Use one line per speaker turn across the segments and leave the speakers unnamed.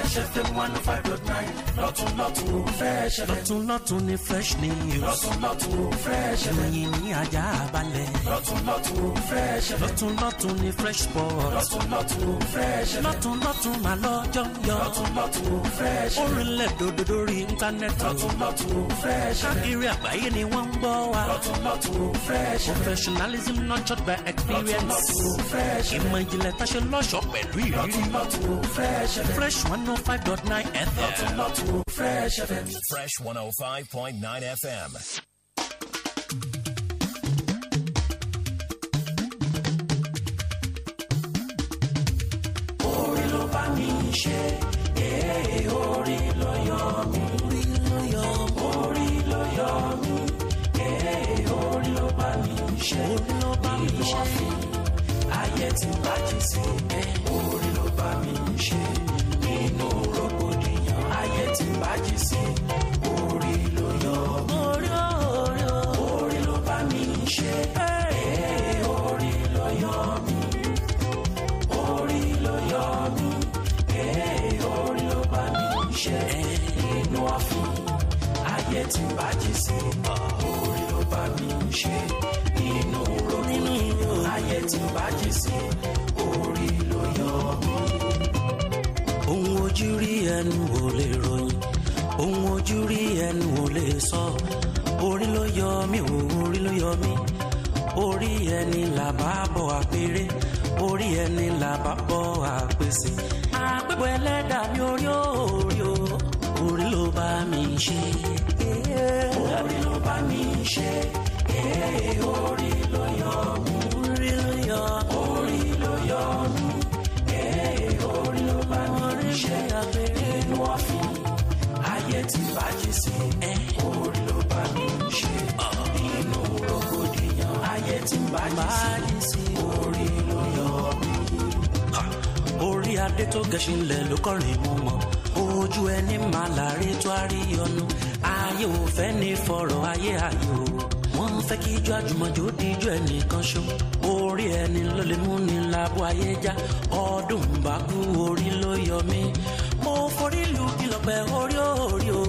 fresh fm one oh five dot nine lọ́tún lọ́tún fresh fm. lọ́tún lọ́tún ni fresh news. lọ́tún lọ́tún fresh fm. ìròyìn
ní ajá balẹ̀. lọ́tún lọ́tún fresh fm. lọ́tún lọ́tún ni fresh sport. lọ́tún lọ́tún fresh fm. lọ́tún lọ́tún mà lọ́jọ́ yọ. lọ́tún lọ́tún fresh fm. orílẹ̀ dòdò lórí íńtánẹ́ẹ̀tì. lọ́tún lọ́tún fresh fm. káàkiri àgbáyé ni wọ́n ń gbọ́ wa. lọ́tún lọ́tún fresh fm. professionalism nurtured by experience. lọ́tún lọ́tún fresh fm. ìmọ̀ ìjìnlẹ̀ tá a ṣe lọ́ṣọ̀ọ́ pẹ̀lú ìrírí. lọ́tún lọ́tún fresh fm. fresh one 105.9 FM. Fresh FM. Fresh 105.9 FM. ló bá mi ṣe, ló yọ mí. Orin ló yọ mí. Orin ló yọ mí, èé orin ló bá mi ṣe. ló bá ló bá mi lo ba mi se lo ba mi se ti lo ba mi se nínú rògbòdìyàn ayé ti bájì sí orí ló yọ orí orí orí ló bá mi ṣe orí ló yọ mí orí ló yọ mí orí ló bá mi ṣe inú ọ̀fun ayé ti bájì sí orí ló bá mi ṣe inú rògbòdìyàn ayé ti bájì sí orí ló yọ mí ojú rí ẹnu ò lè ròyìn ohun ojú rí ẹnu ò lè sọ orí ló yọ mí ò orí ló yọ mí orí ẹni làbá bọ̀ àpèrè orí ẹni làbá bọ̀ àpèsè àpẹ̀bọ̀ ẹlẹ́dàá mi orí òòrí o orí ló bá mi ṣe orí ló bá mi ṣe orí. sí ẹ kó ló bá mi ṣe nínú rògbòdìyàn ayé tí ń bá yìí sí orí ló yọ mí. orí adé tó gẹṣin lẹ ló kọrin mú mọ́ ojú ẹni máa láre tó a rí ọnu ayé ò fẹ́ ní fọ̀rọ̀ ayé ayé o wọ́n fẹ́ kí ijó àjùmọ̀jò díjọ́ ẹnìkan ṣó orí ẹni ló lè mú ni lábọ́ ayé já ọdún bá kú orí ló yọ mí mo forí lu kìlọ̀pẹ̀ orí orí o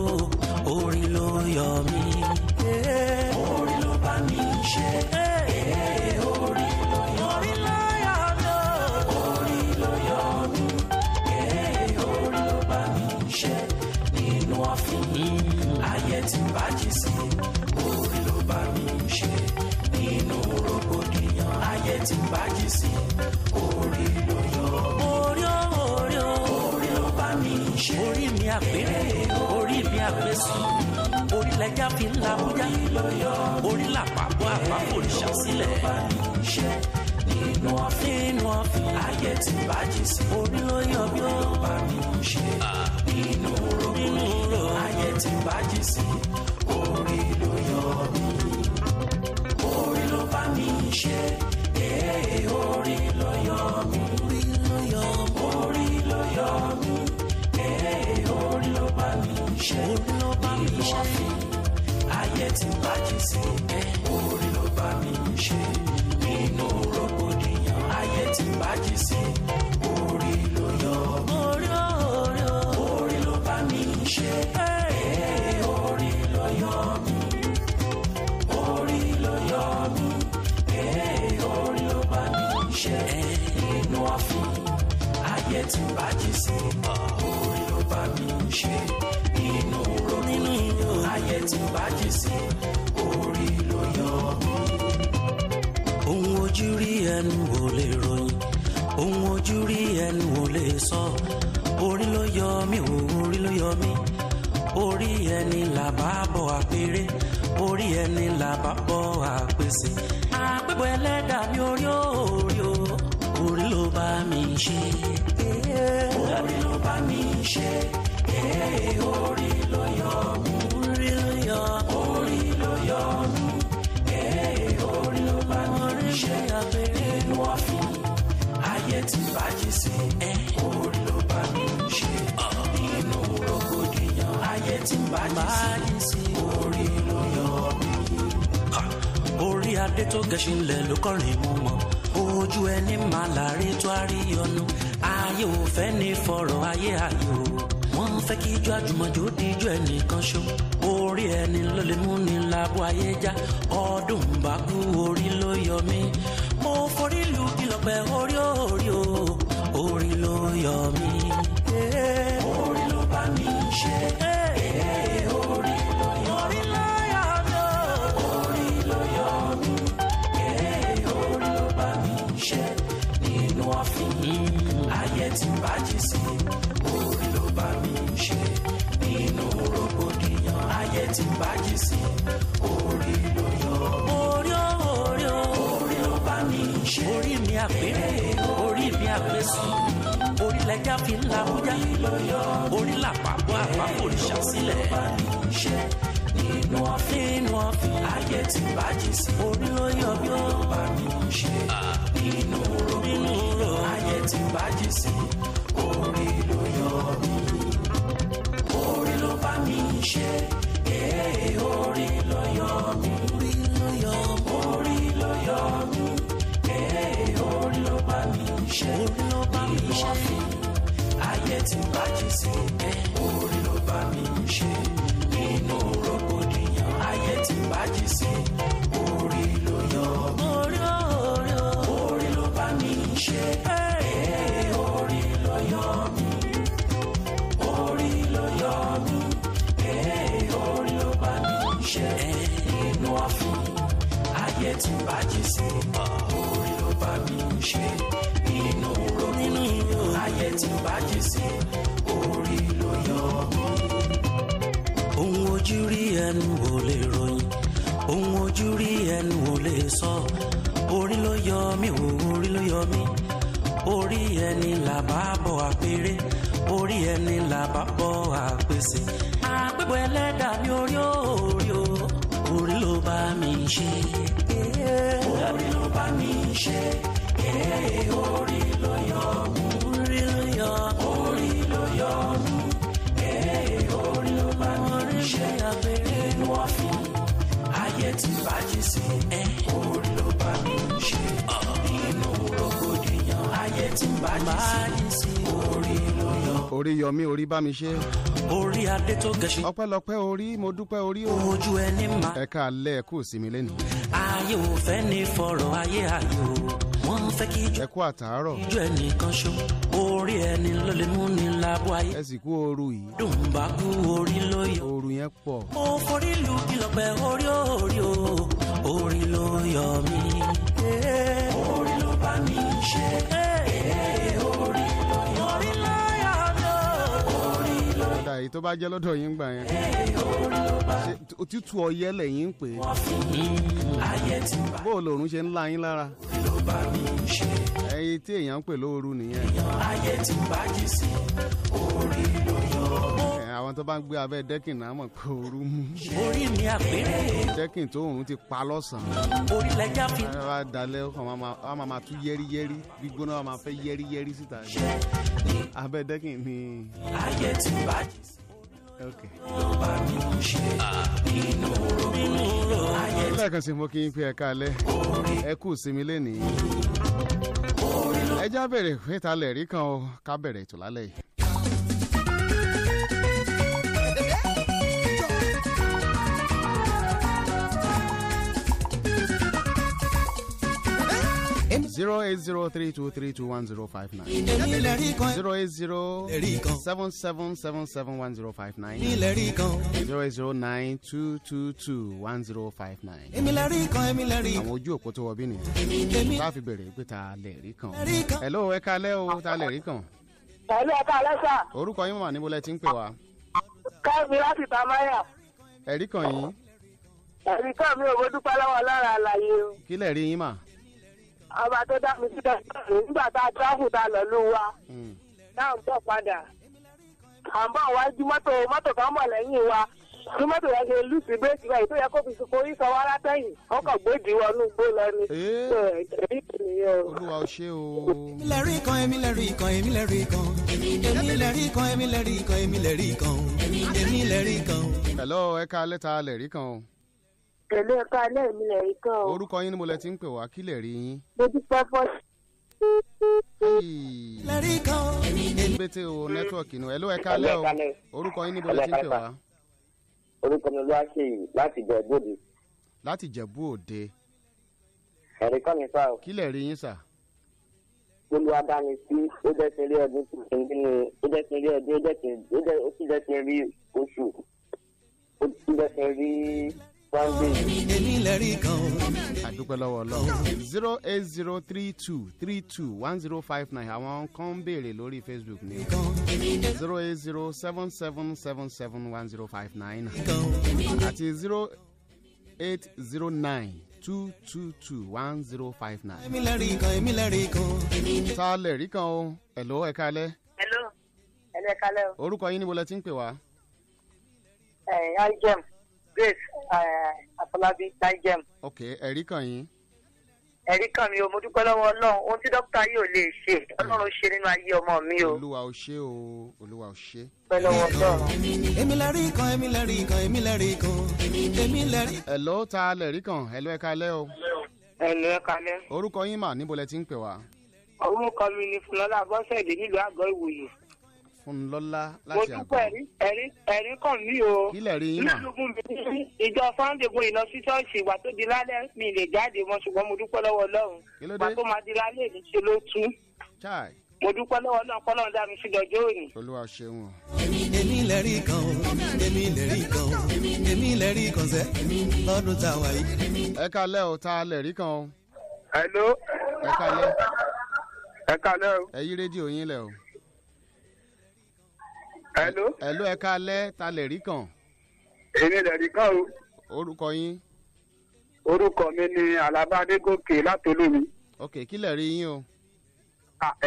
orin ló yọ mí orin ló bá mi ṣe orin ló yọ mí. orin ló yọ mí orin ló bá mi ṣe nínú ọ̀fìn ayé tí bàjẹ́ sí orin ló bá mi ṣe nínú rògbòdìyàn ayé tí bàjẹ́ sí orin ló yọ mí. orin orin orin ló bá mi ṣe orílẹ̀ ya fi ń la bóyá orílẹ̀ àpapọ̀ àpapọ̀ òrìṣà sílẹ̀ nínú ọ̀fìn ayé ti bàjẹ́ sí orí ló yọ bí ó bá mi ń ṣe nínú orogún ayé ti bàjẹ́ sí orí ló yọ bí orí ló bá mi ń ṣe ee mi ló yọ mí orí ló yọ mí ee orí ló bá mi ń ṣe ṣàfihàn ayé ti bàjẹ́ sí ẹ orí ló bá mi ṣe. kọrin mú mọ́ ojú ẹni máa láre tó a ayé ò fẹ́ ní fọ̀rọ̀ ayé ayé o wọ́n fẹ́ kí ijó àjùmọ̀jò díjó ẹnìkan ṣó orí ẹni ló lè mú ni lábọ́ ayé já ọdún bá kú orí ló yọ mí mo forí lu kìlọ̀pẹ̀ orí òòrùn. àpérè orí mi àfẹsùn orí lẹjà fi ń la bújá orí làpapọ̀ àpapọ̀ òrìṣà sílẹ̀. nínú ọ̀fìn nínú ayé ti bàjẹ́ sí orí ló yọ bí ó bá mi ń ṣe nínú rògbòdì ayé ti bàjẹ́ sí. tí bá jí sí orí ló bá mi ń ṣe nínú rògbòdìyàn ayé ti bá jí sí orí ló yọ mí orí ló bá mi ń ṣe eh, orí ló yọ mí orí ló yọ mí eh, orí ló bá mi ń ṣe nínú àfin ayé ti bá jí sí orí ló bá mi ń ṣe fàájì sí orí ló yọ mí. ohun ojú rí ẹnu wò lè ròyìn ohun ojú rí ẹnu wò lè sọ orí ló yọ mí wò orí ló yọ mí orí ẹni làbá bọ̀ àpèrè orí ẹni làbá bọ̀ àpèsè àpèbọ̀ ẹlẹ́dàá mi orí orí o orí ló bá mi ṣe orí ló bá mi ṣe orí. ṣe ẹ́ orí ló bá mi ṣe nínú rògbòdìyàn ayé tí ń bá yìí sí orí
ló yọ. orí yọmí orí bá mi ṣe. orí adé tó gẹṣin. ọpẹ́lọpẹ́ orí mo dúpẹ́ orí o. ojú ẹni máa. ẹ̀ka alẹ́ kù sí mi lẹ́nu. ayé
ò fẹ́ ní fọ̀rọ̀ ayé ayé wọ́n fẹ́ kí ijó. ẹ àtàárọ̀. ijó ẹnìkan ṣó orí ẹni ló lè mú ni lábọ́ ayé. ẹ sì kú ooru yìí. dùn bá kú orí lóye. ooru yẹn pọ̀. mo forí lu kìlọ̀ orí orí o orí ló yọ mí orí ló bá mi ṣe orí ló yọ
mí padà èyí tó bá jẹ́ lọ́dọ̀ yín gbà yẹn. òtútù ọyẹ́ lẹ́yìn ń pè é. bó lòrùn ṣe ń la yín lára. ẹyin tí èèyàn ń pè lóoru nìyẹn. ayé ti bájì sí orí ló yọ àwọn tó bá ń gbé abẹ́ dẹ́kìn náà mọ̀ pé ooru mú. orí mi àpérè. dẹ́kìn tó òórùn ti pa lọ́sàn-án. orí lẹ́jà fi. ẹ bá dalẹ̀ ọkàn wa máa máa tú yẹ́rìyẹ́rì gbígbóná wa máa fẹ́ yẹ́rìyẹ́rì síta. abẹ́ dẹ́kìn ni. ayé ti bàjẹ́ sí. ok. ló bá ṣe inú rògbò lẹ́ẹ̀kan sí mo kí n pe ẹ̀ka alẹ́ ẹ kú sinmi lẹ́nìí. ẹ bẹ̀rẹ̀ fẹ́ta lẹ̀rí kan ká bẹ̀rẹ̀ ètò lálẹ́ yìí. zero eight zero three two three two one zero five nine zero eight zero seven seven seven seven one zero five nine zero eight zero nine two two two one zero five nine. àwọn ojú òpó tó wọ bí nìyẹn bá fi bèrè pé ta lè rí kan. hello ẹ kalẹ́ o ta lè rí kan. hello ẹ kalẹ́ orúkọ yín wà níbo lẹ ti ń pè wá. káàbí láti tamaya. ẹ̀rí kan yín.
ẹ̀rí kan mi ò bójú pálọ́wọ́ lára àlàyé
o. kílẹ̀ rí yín mà.
ọba tó dá mi sí dáadáa nígbà tá a tíráfù tá a lọ ló wa náà hmm. ń bọ̀ padà à ń wájú mọ́tò mọ́tò kan mọ̀ lẹ́yìn wa tí ya yẹn ṣe lù sí bẹ́ẹ̀kì báyìí tó yẹ kó fi sọ wá wọnú
gbó lọ ni. Eh. olúwa o. èmi lè rí kan èmi lè rí kan èmi lè rí kan èmi lè rí kan èmi lè rí kan èmi lè rí kan èmi ẹ̀ka lẹ́ta lè rí o.
pẹ̀lú ẹ̀ka alẹ́ mi lẹ̀ rí kan o. orúkọ
yín ni mo lẹ ti ń pè wá kí lè rí yín. mo
dúpẹ́ fọ́ọ̀sì.
lẹ́rí kan. ẹni bẹ́tẹ̀ o nẹ́tíwọ̀kì ni ẹ̀lú ẹ̀ka alẹ́ o orúkọ yín ni mo lẹ ti ń pè wá.
orúkọ mi ló wá ṣe yìí láti Jẹ̀bú Òde.
láti Jẹ̀bú Òde.
ẹ̀rí kan mi sá o.
kí lè rí yín sà.
Olúwa dá mi sí ó jẹ́ sinrí ọdún tuntun nínú ó jẹ́ sinrí ọdún ó jẹ́ sinrí oṣù ó sì jẹ́ sinrí oṣù ó sì jẹ́ sinrí èmi
lè kan àdúpẹ́ lọ́wọ́ ọlọ́run zero eight zero three two three two one zero five nine àwọn kan ń béèrè lórí facebook ni zero eight zero seven seven seven seven one zero five nine àti zero eight zero nine two two two one zero five nine. èmi lè rí kan èmi lè rí kan. ta lè rí kan o hello ẹ kálẹ́. hello ẹ kálẹ́ o. orúkọ yín ni mo lẹ ti ń pè wá.
ẹ ẹ i jẹun grace eh, afọlábí nigem.
ok ẹ̀rí kan yín.
ẹ̀rí kan mi ò mo dúpẹ́ lọ́wọ́ ọlọ́run ohun tí dókítà yìí ò lè ṣe ọlọ́run ṣe nínú
ayé ọmọ mi o. olúwa ò ṣe o olúwa ò ṣe. dúpẹ́ lọ́wọ́ ọlọ́run. èmi lè rí kan èmi lè rí kan èmi lè rí kan èmi lè rí. ẹ̀lọ́ ta lè rí kan ẹ̀lọ́ ẹ̀ka lẹ́ o. ẹ̀lọ́ ẹ̀ka lẹ́. orúkọ yín mà níbo lẹ ti ń pè wá. orúkọ mi ni fúnlọ́lá fún mi lọ́lá láti àgbà. mo
dúpẹ́ ẹ̀rí ẹ̀rí ẹ̀rí kàn mí o.
kílẹ̀ rí yín náà.
lójúkún mi ìjọ sunday gun iná sí ṣọ́ọ̀ṣì ìgbà tó di lálẹ́ mi lè jáde mọ́ ṣùgbọ́n mo dúpẹ́ lọ́wọ́ ọlọ́run. ìgbà tó máa di lálẹ́ mi ṣe ló tú. mo dúpẹ́
lọ́wọ́ náà kọ́ lọ́run dá mi sí dọjọ́ òní. olúwa ṣeun. èmi lè rí kan o èmi lè rí kan o èmi lè rí kan sẹ́ lọ́dún tá a wà yìí. ẹ kalẹ́ o ta lè rí kan o. ẹ kalẹ́. ẹ kalẹ́ o. ẹ yí rédíò yín lẹ̀ o hello. hello ẹ kálẹ́ ta lè rí kàn.
èmi lè rí kàn o.
orúkọ yín. orúkọ mi ni
alaba adégòkè látolómi.
ok kí lè rí yín o.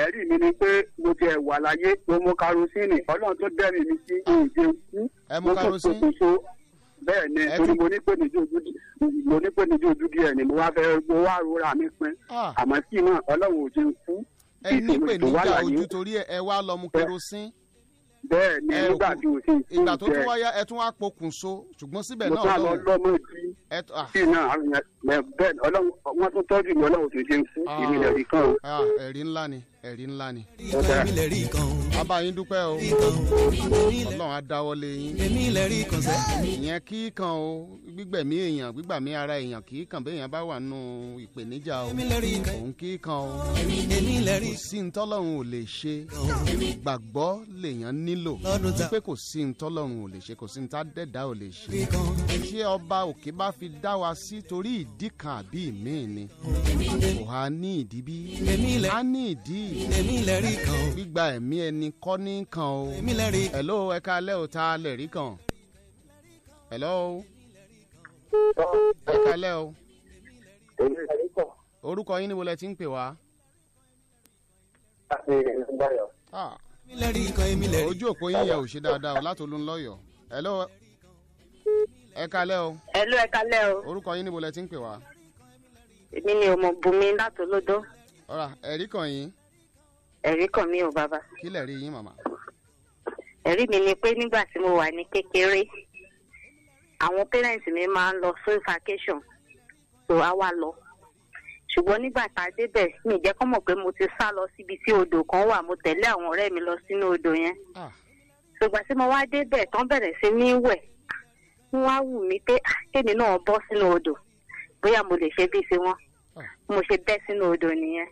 ẹ̀rí mi ni pé mo ti wà láyé mo mú karosíìnì ọlọ́run tó dẹ́rì mi sí òòjé
kú. ẹ mú karosíìnì
bẹ́ẹ̀ ni torí mo ní pé níjú ojú mo ní pé níjú ojú díẹ̀ ni mo wá fẹ́
mo wá rora mi pin àmọ́ sí náà ọlọ́run ò jẹun kú. ẹ ní níjà ojú torí ẹ wá lọ mú kerosene bẹ́ẹ̀ ni nígbà tí o sì tún jẹ ìgbà tó tún wáyá ẹ tún wá pokùnso ṣùgbọ́n síbẹ̀ náà lọ́wọ́ mo tún àlọ́ lọ́mọ ìdí sí náà àwọn yẹn bẹ́ẹ̀ ọlọ́run wọ́n tún tọ́jú ìwọ́n náà ṣe ń fún ìrìnlẹ̀ rí ẹ̀rí ńlá ni ẹ̀rí ńlá ni. bàbá yín dúpẹ́ o ọlọ́run á dáwọ́ lé yín. ìyẹn kì í kan o gbígbẹ̀mí èèyàn gbígbàmí ara èèyàn kì í kan béèyàn bá wà nù ìpèníjà o òun kì í kan o kò sí ntọ́lọ́run ò lè ṣe gbàgbọ́ lèèyàn nílò wípé kò sí ntọ́lọ́run ò lè ṣe kò sí ntá dẹ́dá ò lè ṣe ṣé ọba òkè bá fi dá wa sí torí ìdí kan àbí ìmíì ni kò á ní ìdí bí á ní ìdí gbígba ẹ̀mí ẹni kọ́ ní kan o. èmi lè rí kan. hello ta lè rí kan. hello ẹ káalẹ́ o. orúkọ yín ni mo lẹ ti ń pè wá. ojú òpó yín yẹ ò dáadáa o látolúńlọ́yọ̀. hello ẹ káalẹ́ o. hello ẹ káalẹ́ o. orúkọ yín ni mo lẹ ti ń pè wá
èmi ni ọmọ bùnmi látòlódó.
ọ̀rà ẹ̀rí kan yín ẹ̀rí kan mi ò
bàbá. kí lè rí yín màmá. ẹ̀rí mi ni pé nígbà tí mo wà ní kékeré àwọn parents mi máa ń lọ fún vacation tó a wá lọ ṣùgbọ́n nígbà tá a débẹ̀ mi jẹ́ kó mọ̀ pé mo ti sá lọ síbi tí odò kan wà mo tẹ̀lé àwọn ọ̀rẹ́ mi lọ sínú odò yẹn ṣùgbọ́n ah. tí mo wá débẹ̀ tán bẹ̀rẹ̀ sí ní wẹ̀ wọ́n á wù mí pé ah, kéde náà bọ́ sínú odò bóyá mo lè ṣe bí tiwọn ah. mo ṣe bẹ́ sínú odò nìyẹn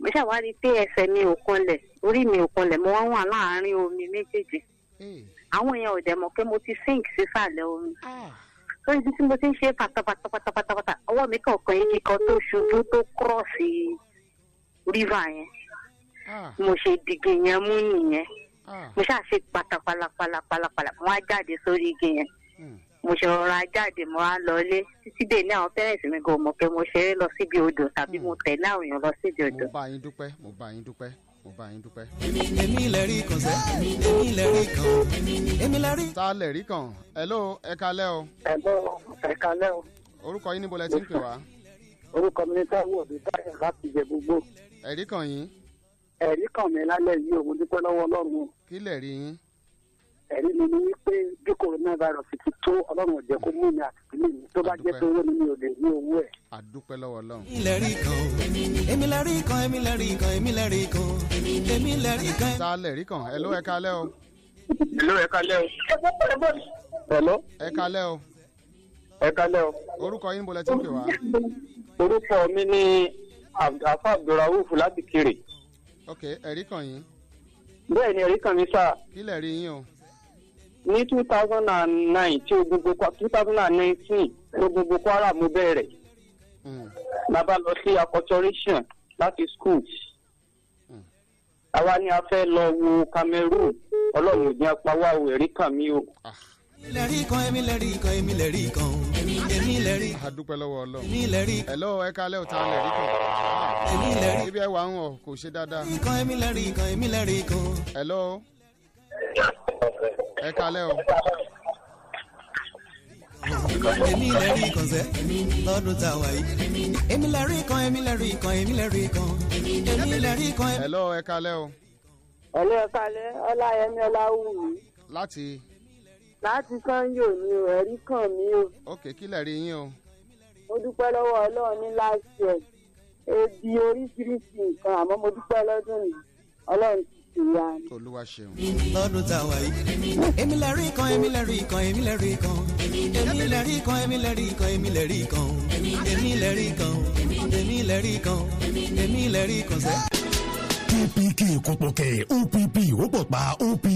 mo ṣàwárí pé ẹsẹ̀ mi ò kanlẹ̀ orí mi ò kanlẹ̀ mo wá wà láàárín omi méjèèjì àwọn èèyàn ò dẹ̀ mọ̀ pé mo ti sink sísàlẹ̀ omi ah. so ibi tí mo ti ń ṣe pátápátá pátápátá ọwọ́ mi kọ̀ọ̀kan yìí kan tó ṣubú tó kírọ̀sì rívà yẹn ah. mo ṣe dìgì yẹn mú nìyẹn ah. mo ṣáà ṣe pátápálá pátápálá mo wá jáde sórí igi yẹn. Hmm mo ṣe rọra jáde mo á lọ ilé títí dé ní àwọn pẹrẹsì mi gan mọ̀ pé mo ṣeré lọ síbi odò tàbí mo hmm. tẹ̀lé àwọn èèyàn lọ síbi odò. mo bá
yín dúpẹ́ mo bá yín dúpẹ́ mo bá yín dúpẹ́. èmi lè rí kan sẹ́ èmi lè rí kan èmi lè ta lè kan hello ẹ kalẹ́ o. hello ẹ kalẹ́ o. orúkọ yín níbo lẹ ti ń pè wá. orúkọ mi ni táwọn òbí táyà láti jẹ gbogbo. ẹ̀rí kan yín. ẹ̀rí kan mi
lálẹ́ yìí òun dúpẹ́ lọ́wọ́ ọlọ́run.
kí lè yín
ẹ̀rí mi ni wípé bí coronavirus ti tó ọlọ́run ọ̀jẹ̀ kó mú mi àti ìdílé mi tó bá jẹ́ pé owó ni mi ò lè ní owó ẹ̀.
àdúpẹ́ lọ́wọ́ ọlọ́run. ìlẹ̀rí kan èmi lẹ́rí kan èmi lẹ́rí kan èmi lẹ́rí kan èmi lẹ́rí kan. ta lẹ́rí kan ẹ ló ẹ kalẹ́ o. ẹ ló ẹ kalẹ́ o. hello. ẹ kalẹ́ o. ẹ kalẹ́ o. orúkọ yín bọ́lá ti ń pè wá. orúkọ mi ni àfa abdulrahuf láti kiri. ok ẹ̀rí kan yín. bẹ́ẹ̀ ni ẹ̀rí kan mi sá. kí lẹ̀ rí yín o ní two thousand
and nine tí ogungun two thousand and nineteen ogungun kwara mo bẹ̀rẹ̀ hmm. la bá lọ sí acculturation láti school hmm. àwa ni a fẹ́ lọ wo cameroon ọlọ́run ò apá wa ò ẹ̀rí kàn mí o ah.
a dúpẹ́ lọ́wọ́ ọlọ́run ẹ̀lọ́ ẹ kálẹ̀ ọ̀tá lẹ̀ rí kan ibi ẹ wà ń wọ̀ kò ṣe dáadáa ẹ̀lọ́ ẹ kalẹ́ o. èmi lè rí kan sẹ́ lọ́dún tá a wà yìí èmi lè rí kan èmi lè rí kan èmi lè rí kan èmi lè rí kan. hello ẹ kalẹ́ o. hello ẹ kalẹ́ ọláyẹmí ọláwùmí. láti. láti
sanyo ni o ẹ̀rí kan mi o. ok kí lè rí yín o. mo dúpẹ́ lọ́wọ́ ọlọ́run ní láti ẹ̀ ebi oríṣiríṣi nǹkan àmọ́ mo dúpẹ́ lọ́dún yìí ọlọ́run ti ìyá mi. olúwa ṣeun. lọ́dún tá a wà yìí èmi lè rí kan èmi lè rí kan
èmi lè rí kan èmi lè rí kan èmi lè rí kan èmi lè rí kan èmi lè rí kan
èmi lè rí kan èmi lè rí kan sẹ́
kpk kúpọ̀kẹ́ opp ó pọ̀ pa opr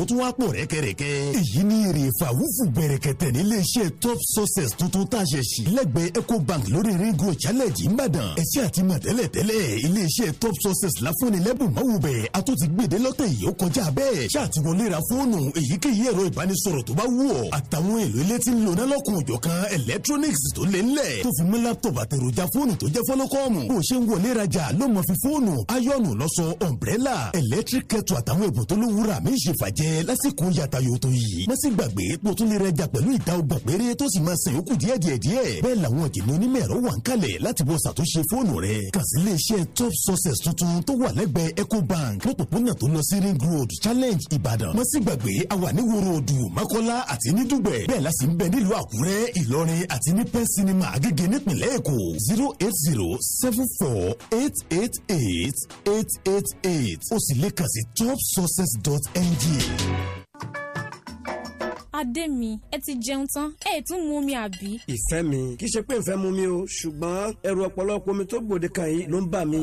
ó tún wá pọ̀ rẹ́kẹ̀rẹ́kẹ́. èyí ni èrè fàwùfù bẹ̀rẹ̀kẹ̀tẹ̀ nílé iṣẹ́ top success tuntun tá a ṣe sí lẹ́gbẹ̀ẹ́ ecobank lórí ringo challenge ìbàdàn ẹ̀sìn àti mọ̀tẹ́lẹ̀ tẹ́lẹ̀ ilé iṣẹ́ top success láfúnni lẹ́bùn máwùbẹ̀ a tún ti gbèdé lọ́tẹ̀ yìí ó kọjá bẹ́ẹ̀ ṣàtiwọlé ra fóònù èyíkéyìí ẹ̀rọ ìbánisọ̀rọ̀ tó bá wù ọ́ àtàwọn èlò ilé tí ń lò náà lọ́kùn electronics tó lé ńlẹ̀ tó fi mọ́ láptọ̀pù àtẹ̀rọ̀jà fóònù tó jẹ́ fọ́lọ́kọ́ọ̀mù bó ṣe àwọn ọ̀mbrẹ́là electric kettle àtàwọn èbò tó ló wúra mi ṣe fàjẹ́ lásìkò yàtà yòótọ́ yìí. má sì gbàgbé pé o tún lè rajà pẹ̀lú ìdá ọgbọ̀n péré tó sì máa sẹ̀yìn kù díẹ̀ díẹ̀ díẹ̀. bẹ́ẹ̀ làwọn ìdènà onímọ̀ ẹ̀rọ wà ń kalẹ̀ láti bọ́ ṣàtúnṣe fóònù rẹ̀. kàn sí iléeṣẹ́ top success tuntun tó wà lẹ́gbẹ̀ẹ́ ecobank lọ́pọ̀pọ̀nà tó lọ sí ring road challenge ìbàdàn. má sì gbàgbé àwa ní woro odù mọ́kọ́lá àti ní dùgbẹ̀. bẹ́ẹ̀ la sì ń bẹ nílùú àkúrẹ́ ìlọrin àti ní pen cinema agége nípìnlẹ̀ èkó zero eight zero seven four eight eight eight eight eight eight o sì lè kàn sí topsuccess.ng.
Adé mi, ẹ ti jẹun tán, ẹ tún mú mi àbí.
Ìfẹ́ mi, kì í ṣe pé ìfẹ́ mú mi o, ṣùgbọ́n ẹrù ọ̀pọ̀lọpọ̀ omi tó gbòde kan yìí ló ń bà mí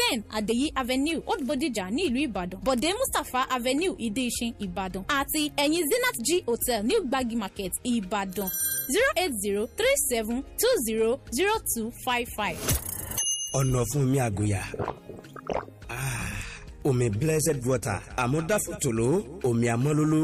ten àdèyí avenue old bodija ní ìlú ìbàdàn bọ̀dé mustapha avenue ìdíyìṣin ìbàdàn àti ẹ̀yìn zenith g hotel new gbagi market ìbàdàn zero eight zero three seven two zero zero two five five.
ọ̀nà fún mi àgùyà ah, omi blessed water àmọ́ dáfòtò ló omi àmọ́lóló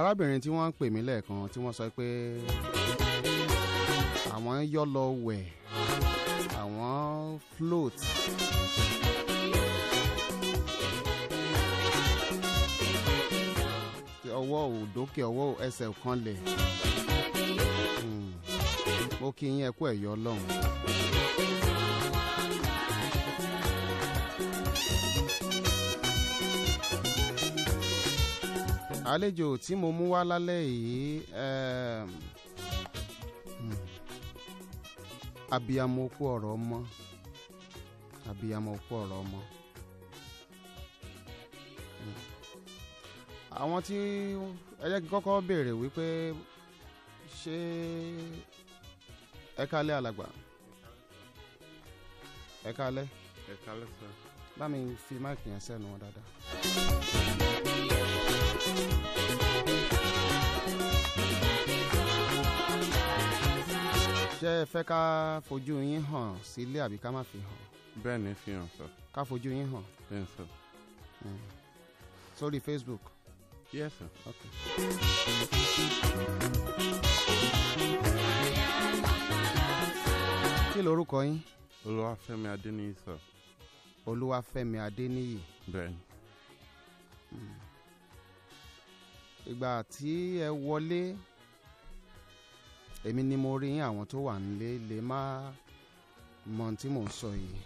arábìnrin tí wọ́n ń pè mí lẹ́ẹ̀kan tí wọ́n sọ pé àwọn yọ́ lọ wẹ̀ àwọn float. ọwọ́ ò ọwọ́ ẹsẹ̀ kan hmm. mo kí yín ẹkú ẹ̀yọ́ ọlọ́run. àlejò tí mo mú wá lálẹ́ yìí ehm, hmm, abiyamọ kú ọ̀rọ̀ ọmọ abiyamọ kú ọ̀rọ̀ ọmọ àwọn tí ẹ jẹ́ kí kọ́kọ́ béèrè wípé ṣé ẹ kálẹ́ alàgbà ẹ kálẹ́ ẹ kálẹ́ bá mi fi máìkì yẹn sẹ́nu wọn dáadáa. ṣé ẹ fẹ́ ká fojú yín hàn sílé àbí ká má fi hàn.
bẹ́ẹ̀ ni fi hàn sọ.
ká fojú yín hàn.
bẹ́ẹ̀ sọ. Hmm.
sórí Facebook.
yes sir. okay.
kí lorúkọ yín.
Olúwafẹ́mi Adéníyì sọ. Olúwafẹ́mi Adéníyì. bẹ́ẹ̀ ni. Hmm.
ìgbà tí ẹ wọlé èmi ni mo rí àwọn tó wà nílé lè má mọ tí mò ń sọ yìí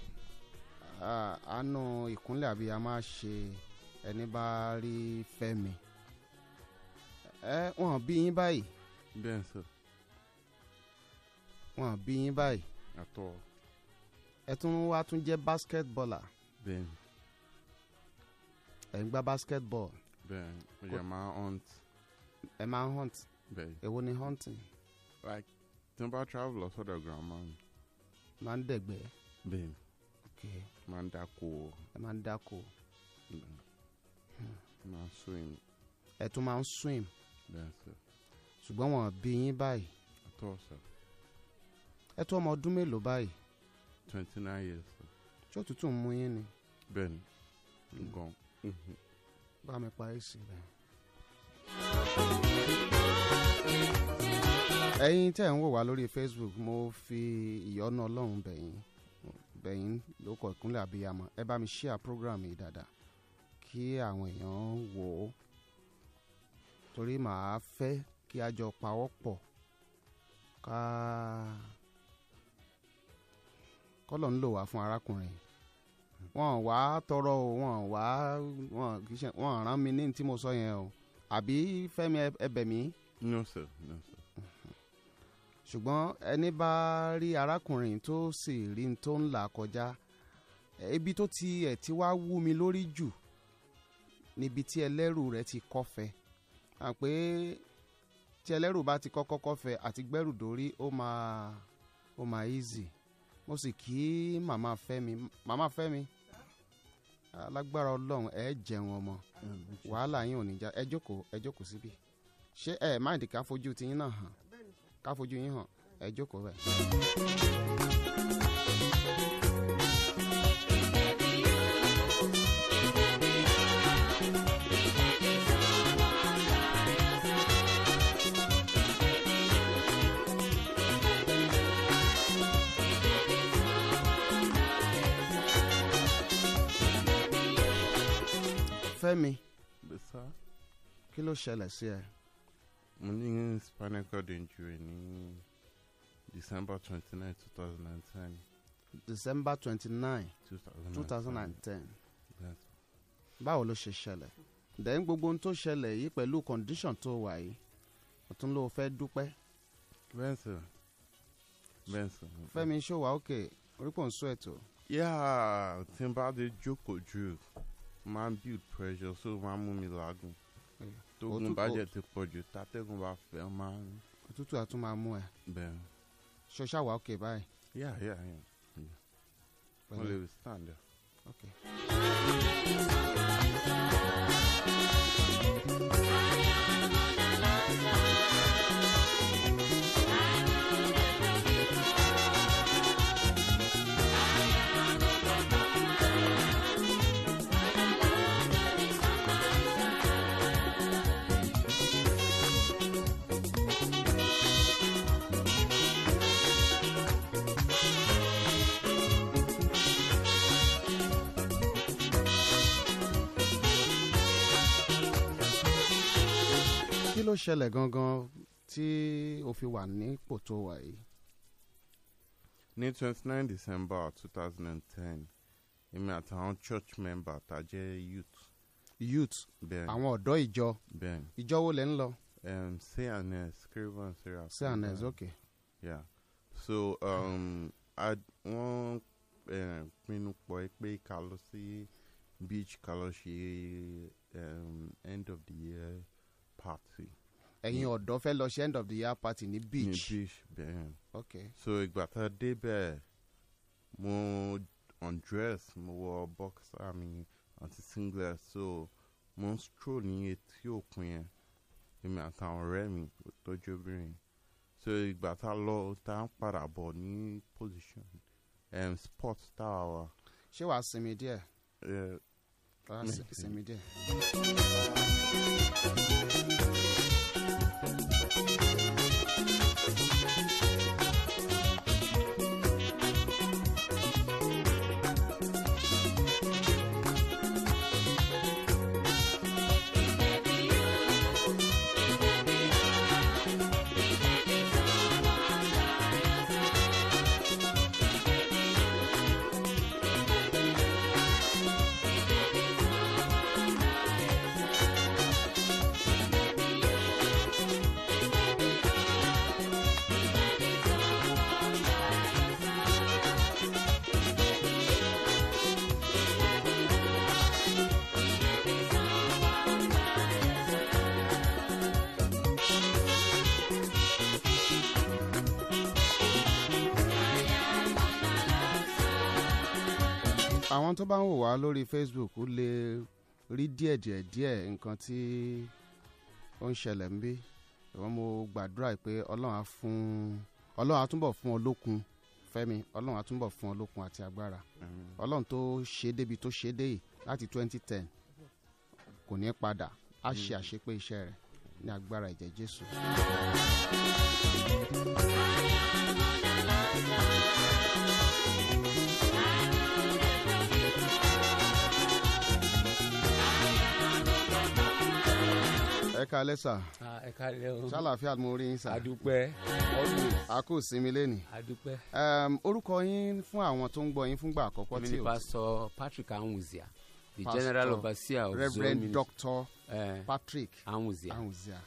àánú ìkúnlẹ̀ àbí a máa ṣe ẹni bá rí fẹ́mi ẹ wọn bí yín báyìí. bẹ́ẹ̀ sọ. wọn bí yín báyìí. àtọ. ẹ tún wá tún jẹ́ basketballer. bẹ́ẹ̀ ni. ẹ ń gbá basketball.
bẹ́ẹ̀ ni ẹ máa hunt. ẹ máa hunt. bẹ́ẹ̀ ni. èwo ni hunting like tí wọ́n bá travel lọ sọ́dọ̀ grandma mi. máa ń dẹ̀gbẹ́. bẹ́ẹ̀ ni máa ń dáko. ẹ máa ń dáko. Hmm.
máa ń swim. ẹ tún máa ń swim. ṣùgbọ́n wọn bí yín báyìí. àtọ́ sọ. ẹ tó ọmọ ọdún mélòó báyìí.
twenty nine years.
ṣé òtútù ń mú yín ni.
bẹ́ẹ̀ ni nǹkan. Hmm.
bá mi parí sí i bẹ́ẹ̀ ẹ̀yin tẹ́ ń wò wá lórí Facebook mo fi ìyọ́nú ọlọ́run bẹ̀yìn bẹ̀yìn lóko ìkúnlẹ̀ abiyamọ ẹ bá mi share program yìí dáadáa kí àwọn èèyàn wò ó torí màá fẹ́ kí a jọ pawọ́ pọ̀ ká kọ́lọ̀ ń lò wá fún arákùnrin wọn wá tọrọ o wọn wá wọn kì í ṣe wọn rán mi ní tí mo sọ yẹn o àbí Fẹ́mi ẹ̀bẹ̀ mi. no sir no sir ṣùgbọ́n ẹni bá rí arákùnrin tó sì rí tó ń là kọjá ibi tó ti ẹ̀ ti wá wú mi lórí jù níbi tí ẹlẹ́rù rẹ̀ ti kọ́fẹ́ à pé tí ẹlẹ́rù bá ti kọ́kọ́ kọ́fẹ́ àti gbẹ́rù dórí ó máa ó máa easy mo sì kí màmá fẹ́mi màmá fẹ́mi alágbára ọlọ́run ẹ jẹun ọmọ wàhálà yín ò ní já ẹ jókòó ẹ jókòó síbi ṣé ẹ má ìdíkà fojú tiyín náà hàn ká fojú yín hàn ẹ jókòó bẹ́ẹ̀. Fẹ́mi kí ló ṣẹlẹ̀ sí ẹ
mo ní spinal cord injury ní december twenty nine two thousand and ten. december twenty nine two thousand and ten.
báwo ló ṣe ṣẹlẹ̀ dẹ́n gbogbo ohun tó ṣẹlẹ̀ yìí pẹ̀lú condition tó wà yìí ọ̀tún ló fẹ́ dúpẹ́. bẹ́ẹ̀ sọ bẹ́ẹ̀ sọ. fẹ́mi ṣòwò òkè orípò ń sọ ètò.
yáà tí n bá dé jókòó jù máa ń build pressure so máa ń mú mi làágùn tógun bá jẹ ti pọ̀ jù tátẹ́gùn bá fẹ́ máa ń.
òtútù àtún máa mú ẹ. bẹ́ẹ̀. ṣọṣà wà ókè báyìí. yà yà yà mo lè stand okay.
ṣẹlẹ̀ gangan tí o fi wà nípò tó wà yìí. ní twenty nine december two thousand and ten èmi àtàwọn church member tá a jẹ́ youth. youth bẹ́ẹ̀ni àwọn ọ̀dọ́ ìjọ bẹ́ẹ̀ni ìjọ wo lẹ ń lọ. Um, CNS Craven Sarah. CNS okay. Yeah. So um, wọ́n eh, pinnu pọ̀ pé ká lọ sí beach ká lọ ṣe um, end of the year party ẹ̀yin mm. ọ̀dọ́ fẹ́ lọ ṣe end of the year party ní beach. ní beach bẹ́ẹ̀. ok. so ìgbà tá a débẹ̀ mo undress mo wọ boxer mi àti singlet so mo ń stroll ní etí òkun yẹn èmi àtàwọn ọ̀rẹ́ mi tọ́jú obìnrin so ìgbà tá a lọ tá a padà bọ̀ ní position um, sport tá a wà.
ṣé wàá sinmi díẹ̀.
ẹ eh, ẹ sinmi díẹ̀.
àwọn tó bá ń wò wá lórí Facebook lè rí díẹ̀ díẹ̀ díẹ̀ nǹkan tí ó ń ṣẹlẹ̀ ń bí ìwọ́n mo gbàdúrà pé ọlọ́run á fún ọlọ́run á túnbọ̀ fún ọ lókun fẹ́mi ọlọ́run á túnbọ̀ fún ọ lókun àti agbára ọlọ́run tó ṣe débi tó ṣe dé yìí láti twenty ten kò ní padà á ṣe àṣepé iṣẹ́ rẹ̀ ní agbára ìjẹ́ Jésù. ẹ ká lẹ́sà. ẹ ká lẹ́ o. ṣàlàfíà mo rí yín sà. àdúpẹ́ always. a kò sinmi lẹ́nì. àdúpẹ́. orúkọ yín fún àwọn tó ń gbọ́ yín fúngbà àkọ́kọ́ tí o. mi ni
Patrick Anwuzia the pastor, general overseer of Reverend Zoe Ministry. Reverend Dr. Eh, Patrick Anwuzia. Anwuzia.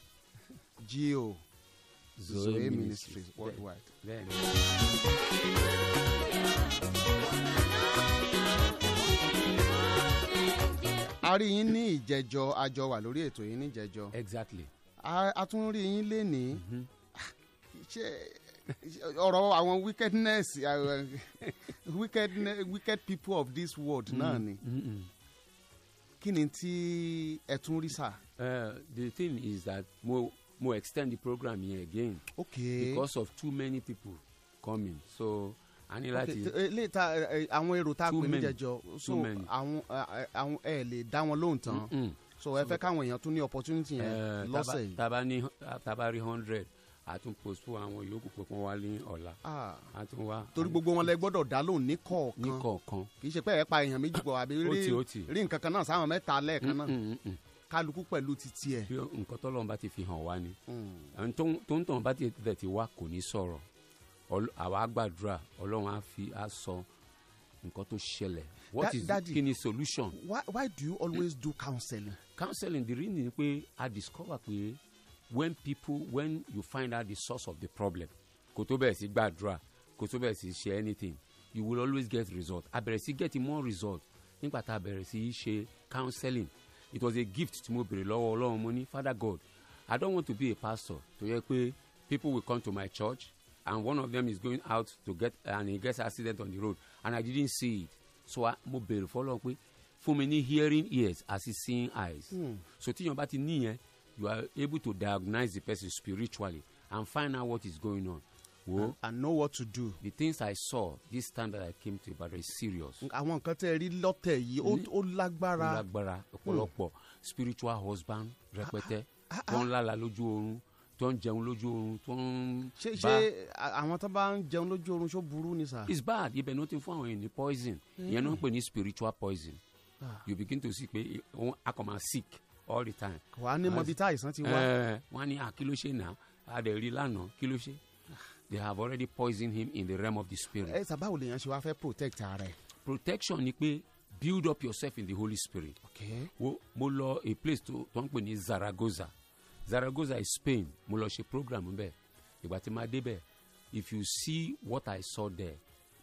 G.O. Zoe, Ministries Ministry. worldwide. then.
a rí yín ní ìjẹjọ àjọ wà lórí ètò yín ní ìjẹjọ. exactly. a tún rí yín lénìí mm-hmm. ṣé ọ̀rọ̀ àwọn wickedness uh, wicked wicked people of this world náà mm-hmm. ni mm-hmm. kí ni tí ẹ tún rí
sà. Uh, the thing is that mo mo extend the program here again. okay because of too many people coming so. Ani lati láti.
ilé eh, ta eh, eh, àwọn èrò tá a pè jẹjọ so àwọn àwọn ẹ lè dá wọn lóhùn tán so ẹ fẹ́ káwọn èèyàn tún ní opportunity yẹn lọ́sẹ̀ yìí.
taba ni taba ri hundred a tún postpone àwọn
yòókù pé wa wá ní ọ̀la. Ah. a tún wá. torí gbogbo wọn lẹ gbọ́dọ̀ dá lóhùn ní kọ̀ọ̀kan ní kọ̀ọ̀kan kì í ṣe pé ẹ pa èèyàn méjì pọ̀ àbí rí nǹkan kan náà sáwọn mẹ́ta lẹ́ẹ̀kan náà kálukú
pẹ̀lú titi ẹ̀. nǹkan tọ́lọ́run bá ti fi hàn wá ni mm. tó ń tàn bá ti tẹ̀ ti wá kò ní sọ̀rọ̀ àwa gbàdúrà ọlọ́run á fi á sọ nǹkan tó ṣẹlẹ̀ what is daddy, kí solution. why why do you always do counseling. counseling the reason ni pé i discover pé when people when you find out the source of the problem kò tó bẹ̀rẹ̀ sí gbàdúrà kò tó bẹ̀rẹ̀ sí ṣe anything you will always get result a bẹ̀rẹ̀ sí get more result nígbà tá a bẹ̀rẹ̀ sí ṣe counseling it was a gift tí mo béèrè lọ́wọ́ ọlọ́run mo ní father god i don't want to be a pastor to yẹ pé people will come to my church and one of them is going out to get and he gets accident on the road and I didn't see it so I mo bèrè fọlọ pé fún mi ní hearing ears àti seeing eyes mm. so tíyan bá ti níyẹn you are able to diagnose the person spiritually and find out what is going on. Wo, and, know what to do. the things I saw this time that I came to Ibadan is serious. àwọn nǹkan tẹ́ ẹ rí lọ́tẹ̀ yìí ó lágbára. ó lágbára ọ̀pọ̀lọpọ̀ hmm. spiritual husband ah, ah, rẹpẹtẹ wọ́n ah, ń lála lójú oorun tó ń jẹun lójú oorun tó ń bá. ṣé ṣé
àwọn tó bá ń jẹun lójú oorun ṣó burú ni sir. it's
bad ibẹ̀ ni wọ́n ti fún àwọn èèyàn ní poison hmm. ìyẹn ni wọ́n ń pè ní spiritual poison ah. you begin to see pé òun akọ̀mọ̀ sick all the time. wà á ní mọbi tá àìsàn ti wá. Eh, wọ́n á ní à ah, kí ló ṣe nà á dẹ̀ rí lánàá kí ló ṣe. they have already poisoned him in the realm of the spirit. ẹ
eh, sábà wo lèèyàn ṣe wá fẹ́ protect ara
protection ni pé build up yourself in the holy spirit. okay. wo mo lọ a place tó ń pè ní Zaragoza. Zaragoza is Spain mo lọ ṣe program bẹ́ẹ̀ ìgbà tí máa débẹ̀ if you see what I saw there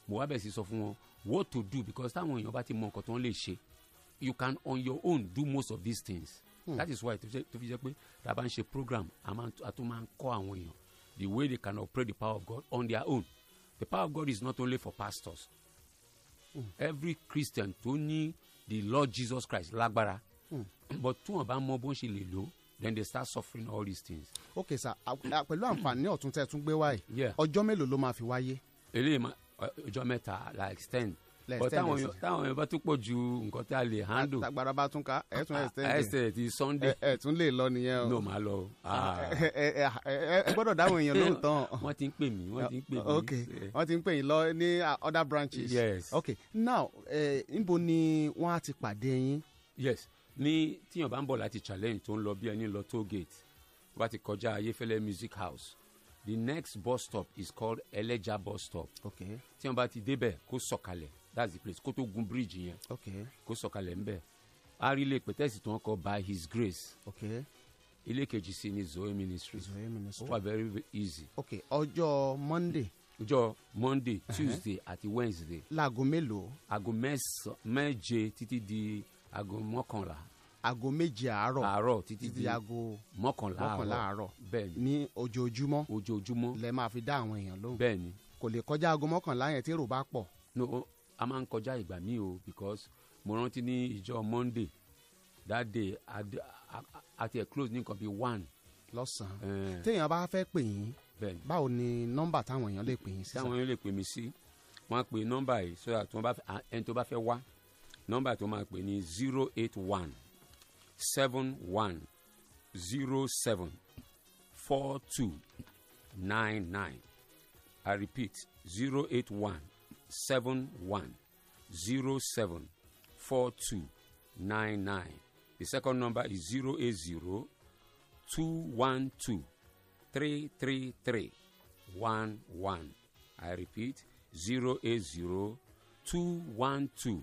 mo wá bẹ̀ sí sọ fún wọn what to do because táwọn èèyàn bá ti mọ nǹkan tó ń lè ṣe you can on your own do most of these things hmm. that is why to fi jẹ́ pé tá a bá ń ṣe program a tún máa ń kọ́ àwọn èèyàn the way they can operate the power of God on their own the power of God is not only for pastors mm. every Christian tó ní the Lord Jesus Christ lágbára mm. but tí wọn bá mọ bó ń ṣe lè lò ó then they start suffering all these things.
ok sir pẹ̀lú àǹfààní ọ̀tún tẹ́ ẹ tún gbé wáyé ọjọ́ mélòó ló máa fi wáyé.
eléyìí ma ọjọ́ mẹ́ta la extend but táwọn yẹn táwọn yẹn bá tún pọ̀ ju nǹkan tá a lè handle.
tagbara bá tún ká ẹ tún ah, ah, extend. extend ti sunday. ẹ tún lè lọ nìyẹn o. no máa lọ. Ah, ẹ gbọ́dọ̀ dáhùn èèyàn lóhùn tán. wọ́n ti ń pè mí wọ́n ti ń pè mí. ok wọ́n ti ń pè yín lọ ní other branches. yes ok now eh, níbo ni wọ́n á ti pàdé yín. yes ní tíyàn bá ń bọ̀ láti challenge
tó ń lọ bí ẹni lọ toll gate wọ́n bá ti kọjá ayéfẹ́lẹ́ music house the next bus stop is called ẹlẹ́jà bus stop okay. tíyàn bá ti débẹ̀ kó sọ̀kalẹ̀ that's the place kó tó gun bridge yẹn okay. kó sọ̀kalẹ̀ ńbẹ̀ arílẹ̀ pẹ̀tẹ́sì tó ń kọ by his grace okay. ilé kejì sí ni zoe ministry zoe ministry ó very easy. ok ọjọ́ monday ọjọ́ monday tuesday àti wednesday. láago mélòó. aago mẹ́sàn-án méje títí di aago mọ́kànlá. aago méje àárọ̀ àárọ̀ títí di aago mọ́kànlá àárọ̀ bẹ́ẹ̀ni ní ojoojúmọ́ ojoojúmọ́ lẹ máa fi dá àwọn èèyàn lóhùn bẹ́ẹ̀ni. kò lè
kọjá aago mọ́kànlá yẹn tí èrò bá pọ̀.
no a máa ń kọjá ìgbà míì o because mo rántí ní ìjọ monday that day àti ẹ̀ close ní nǹkan bíi one. lọ́sàn-án eh. téèyàn
bá fẹ́ pè yín báwo ni nọ́mbà táwọn èèyàn lè pè yín sí. táwọn
èèyàn lè pè mí sí wọ́n á pè nọ́mbà yìí so that wọ́n bá ẹni tó bá fẹ́ wá nọ́mbà tó máa pè ní zero eight one seven one zero seven four two nine nine i repeat zero eight one seven one zero seven four two nine nine the second number is zero eight zero two one two three three three one one i repeat zero eight zero two one two.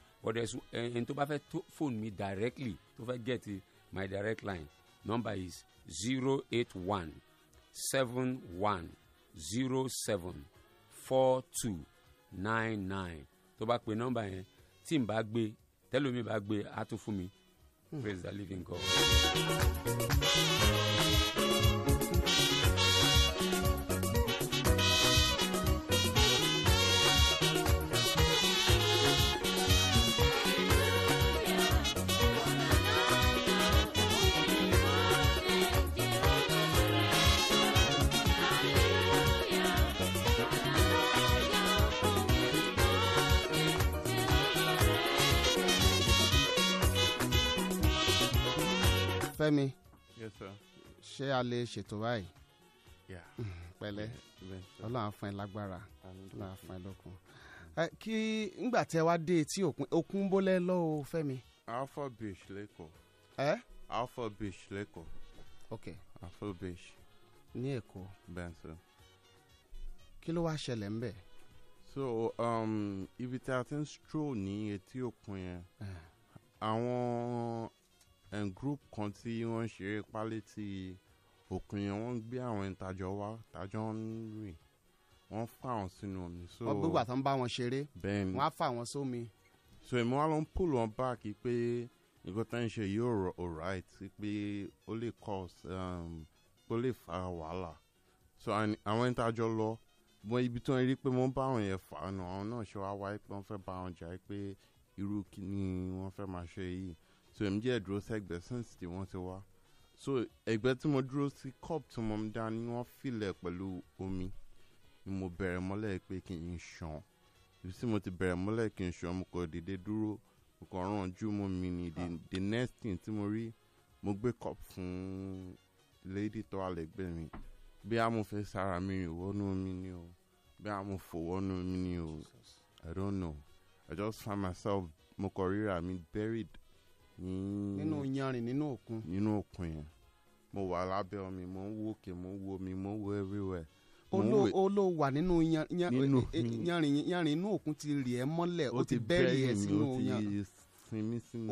but there's eh, ẹni tó bá fẹ́ phone mi directly tó fẹ́ get my direct line number is zero eight one seven one zero seven four two nine nine tó bá pe nọ́mbà yẹn tí n bá gbé tẹ́lómi bá gbé á tún fún mi praise the living God.
Fẹ́mi. Yes sir. ṣé a lè ṣètò báyìí. pẹ̀lẹ́ Ọlọ́run á fún ẹ lágbára Ọlọ́run á fún ẹ lókun. kí ngbà tí ẹ wá dé etí òkun òkun bólẹ lọ o Fẹ́mi.
Alpha Beach lẹkọọ. ẹ. Alpha Beach lẹkọọ. ok. Alpha Beach. ní Èkó. bẹ́ẹ̀ sọ.
kí ló wá ṣẹlẹ̀ ń bẹ̀.
so um, ibi tí a ti ń stroll ní etí òkun yẹn àwọn group kan tí wọ́n ṣe pálí tí òkun yẹn wọ́n gbé àwọn ìtajọ wá tajọ ń rìn wọ́n fà wọ́n sínú omi. wọ́n gbogbo àtàn bá wọn ṣeré wọ́n á
fà wọ́n sómi.
so èmi wá ló ń pull wọn back pé nǹkan tó ń ṣe yìí ò right pé ó lè cause um, ó lè fa wàhálà so àwọn ìtajọ lọ bọ ibi tó ń rí pé wọ́n bá àwọn yẹn fà á nù àwọn náà ṣe wá wáyé pé wọ́n fẹ́ bá wọn jà pé irú kí ni wọ́n fẹ́ máa ṣe yìí so èmi díẹ̀ dúró sẹ́gbẹ́ since tí wọ́n ti wá so ẹgbẹ́ tí mo dúró sí cup tí mo dá ni wọ́n fìlẹ̀ pẹ̀lú omi ni mo bẹ̀rẹ̀ mọ́lẹ̀ pé kí n ṣan ibi tí mo ti bẹ̀rẹ̀ mọ́lẹ̀ kí n ṣan mo kọ̀ dédé dúró mo kọ̀ ràn jú mo mi ni the, the next thing tí mo rí mo gbé cup fún lady tó wà lẹ́gbẹ̀ẹ́ mi bí a mo fẹ́ sára mi rìn wọnú omi ni o bí a mo fò wọnú omi ni o I don't know I just find myself mo kọ̀ ríra mi buried Hmm. nínú yanrìn nínú òkun nínú òkun yẹn mo wà lábẹ́ omi mo ń wo òkè mo ń wo omi mo ń wo everywhere
olo wà nínú e-, e-, yanrìn yanrìn inú òkun ti rì ẹ́ mọ́lẹ̀ ó ti bẹ́ẹ̀rì ẹ̀ sínú yanrìn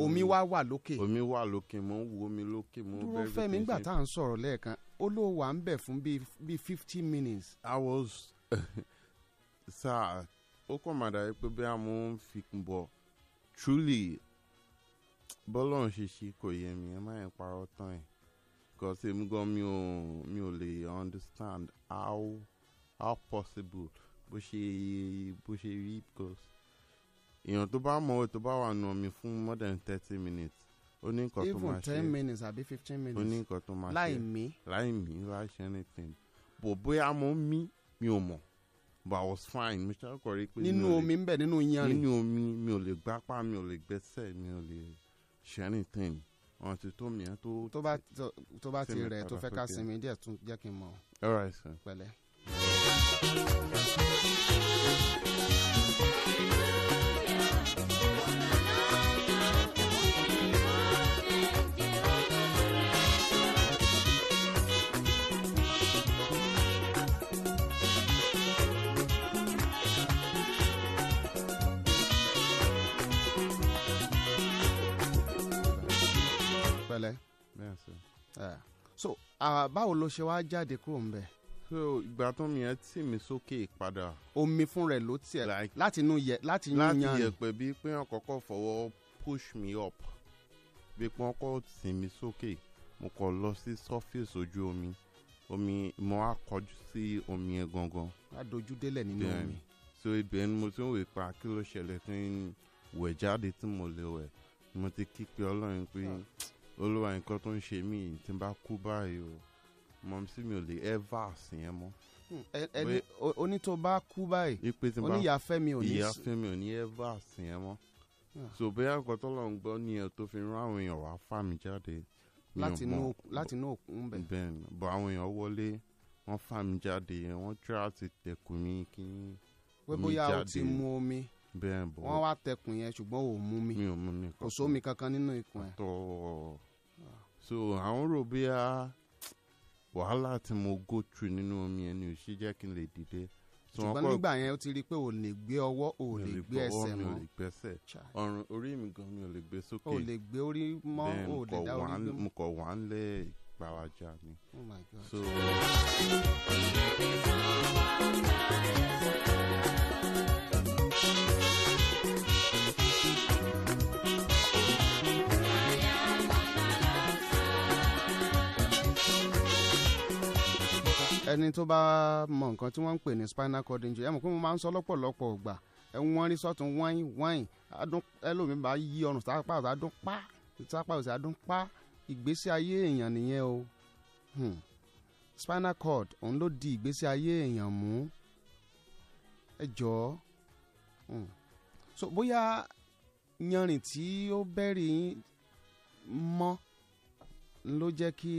omi wa wà lókè omi wà lókè mo ń wo omi lókè mo ń bẹ́ẹ̀rì dúró fẹ́mi nígbà tá
à ń sọ̀rọ̀ lẹ́ẹ̀kan
olówó wà ń bẹ̀ fún bíi fifty minutes. I was sir ó kàn máa dàbí pé bí a mú un fi bọ̀ truly bọ́lọ́run ṣe ṣe kò yẹ mi ẹ má yẹn parọ́ tán ẹ̀ because èmi gan mi ò mi ò lè understand how how possible bó ṣe bó ṣe rí because èèyàn tó bá mọ̀ tó bá wà nù mí fún more than thirty minutes ó ní nǹkan tó máa ṣe even ten
minutes àbí fifteen minutes ó ní nǹkan tó máa ṣe láì mí
láì mí láì ṣe anything bò bóyá mo mí mi ò mọ̀ but I was fine mo ṣàkọrí pé nínú omi ń bẹ nínú yanrìn nínú omi mi ò lè gbápá mi ò lè gbẹ́sẹ̀ mi ò lè sharing ten ọ̀n ti tó mìíràn tó.
tó bá tó bá ti rẹ̀ tó fẹ́ ká sinmi díẹ̀ tún jẹ́ kí n mọ̀.
all right sir. pẹ̀lẹ́. Eh. Eh. so báwo ló ṣe wáá jáde kúrò ńbẹ̀. so ìgbà tó mi yẹn tì mí sókè padà. omi fún rẹ ló tiẹ̀ láti inú yẹ láti inú yan. láti yẹ̀pẹ̀ bíi pé wọ́n kọ́kọ́ fọwọ́ push me up bíi pé wọ́n kọ́ tì mí sókè mo kàn lọ sí surface ojú omi omi mo á kọjú sí omi yẹn gangan. a dojú délẹ̀ nínú omi. so ibẹ̀ ni mo ti ń wè pa kí ló ṣẹlẹ̀ kí n wẹ̀ jáde tí mo lè wẹ̀ mo ti kí pé ọlọ́run pé. Ah olúwa nǹkan tó ń ṣe mí tí n bá kú báyìí o mọ̀mí mi ò lè ẹ́fà sìn ẹ́ mọ́. Hmm, ẹni oní tó bá kú báyìí
oníyàáfẹ́ mi ò ní ìyàáfẹ́
mi ò ní ẹ́fà sìn ẹ́ mọ́. Hmm. so bóyá nǹkan tó lọ gbọ́ ni ẹ tó fi rán àwọn èèyàn wá fà mí jáde. láti inú òkun bẹ̀. bẹ́ẹ̀ ni bọ̀ àwọn èèyàn wọlé wọ́n fà mí jáde wọ́n tíra ti tẹ̀kùn mi kí n mi jáde. pé bóyá o ti mu omi bẹ́ẹ̀ bọ̀ wọ́n wá tẹ̀kùn so àwọn rò bí a wàhálà tí mo go through nínú omi ẹni ò ṣe jẹ́ kí n lè dìde. ṣùgbọ́n nígbà
yẹn ó ti rí i pé ò lè gbé ọwọ́ ò lè gbé ẹsẹ̀ mọ́ ò lè gbé ẹsẹ̀
ọrùn orí mi gan mi ò lè gbé sókè ò lè gbé orí mọ́ ò lè dá orí gbé mọ́. mo kọ̀ wá ń lẹ̀ ìgbàwájà mi. oh my god. so.
ẹni tó bá mọ nǹkan tí wọ́n ń pè ní spinal cord injury ẹ mọ̀ pé mo máa ń sọ lọ́pọ̀lọpọ̀ ìgbà ẹ wọ́n rí sọ́tún wáìn wáìn adún ẹlòmíín bá yí ọrùn sápá ọ̀sà adún pa sápá ọ̀sà adún pa ìgbésí ayé èèyàn nìyẹn o hmm. spinal cord òun ló di ìgbésí ayé èèyàn mú ẹ jọ̀ọ́ hmm. so bóyá yanrìn tí ó bẹ́rì yín mọ́ ló jẹ́ kí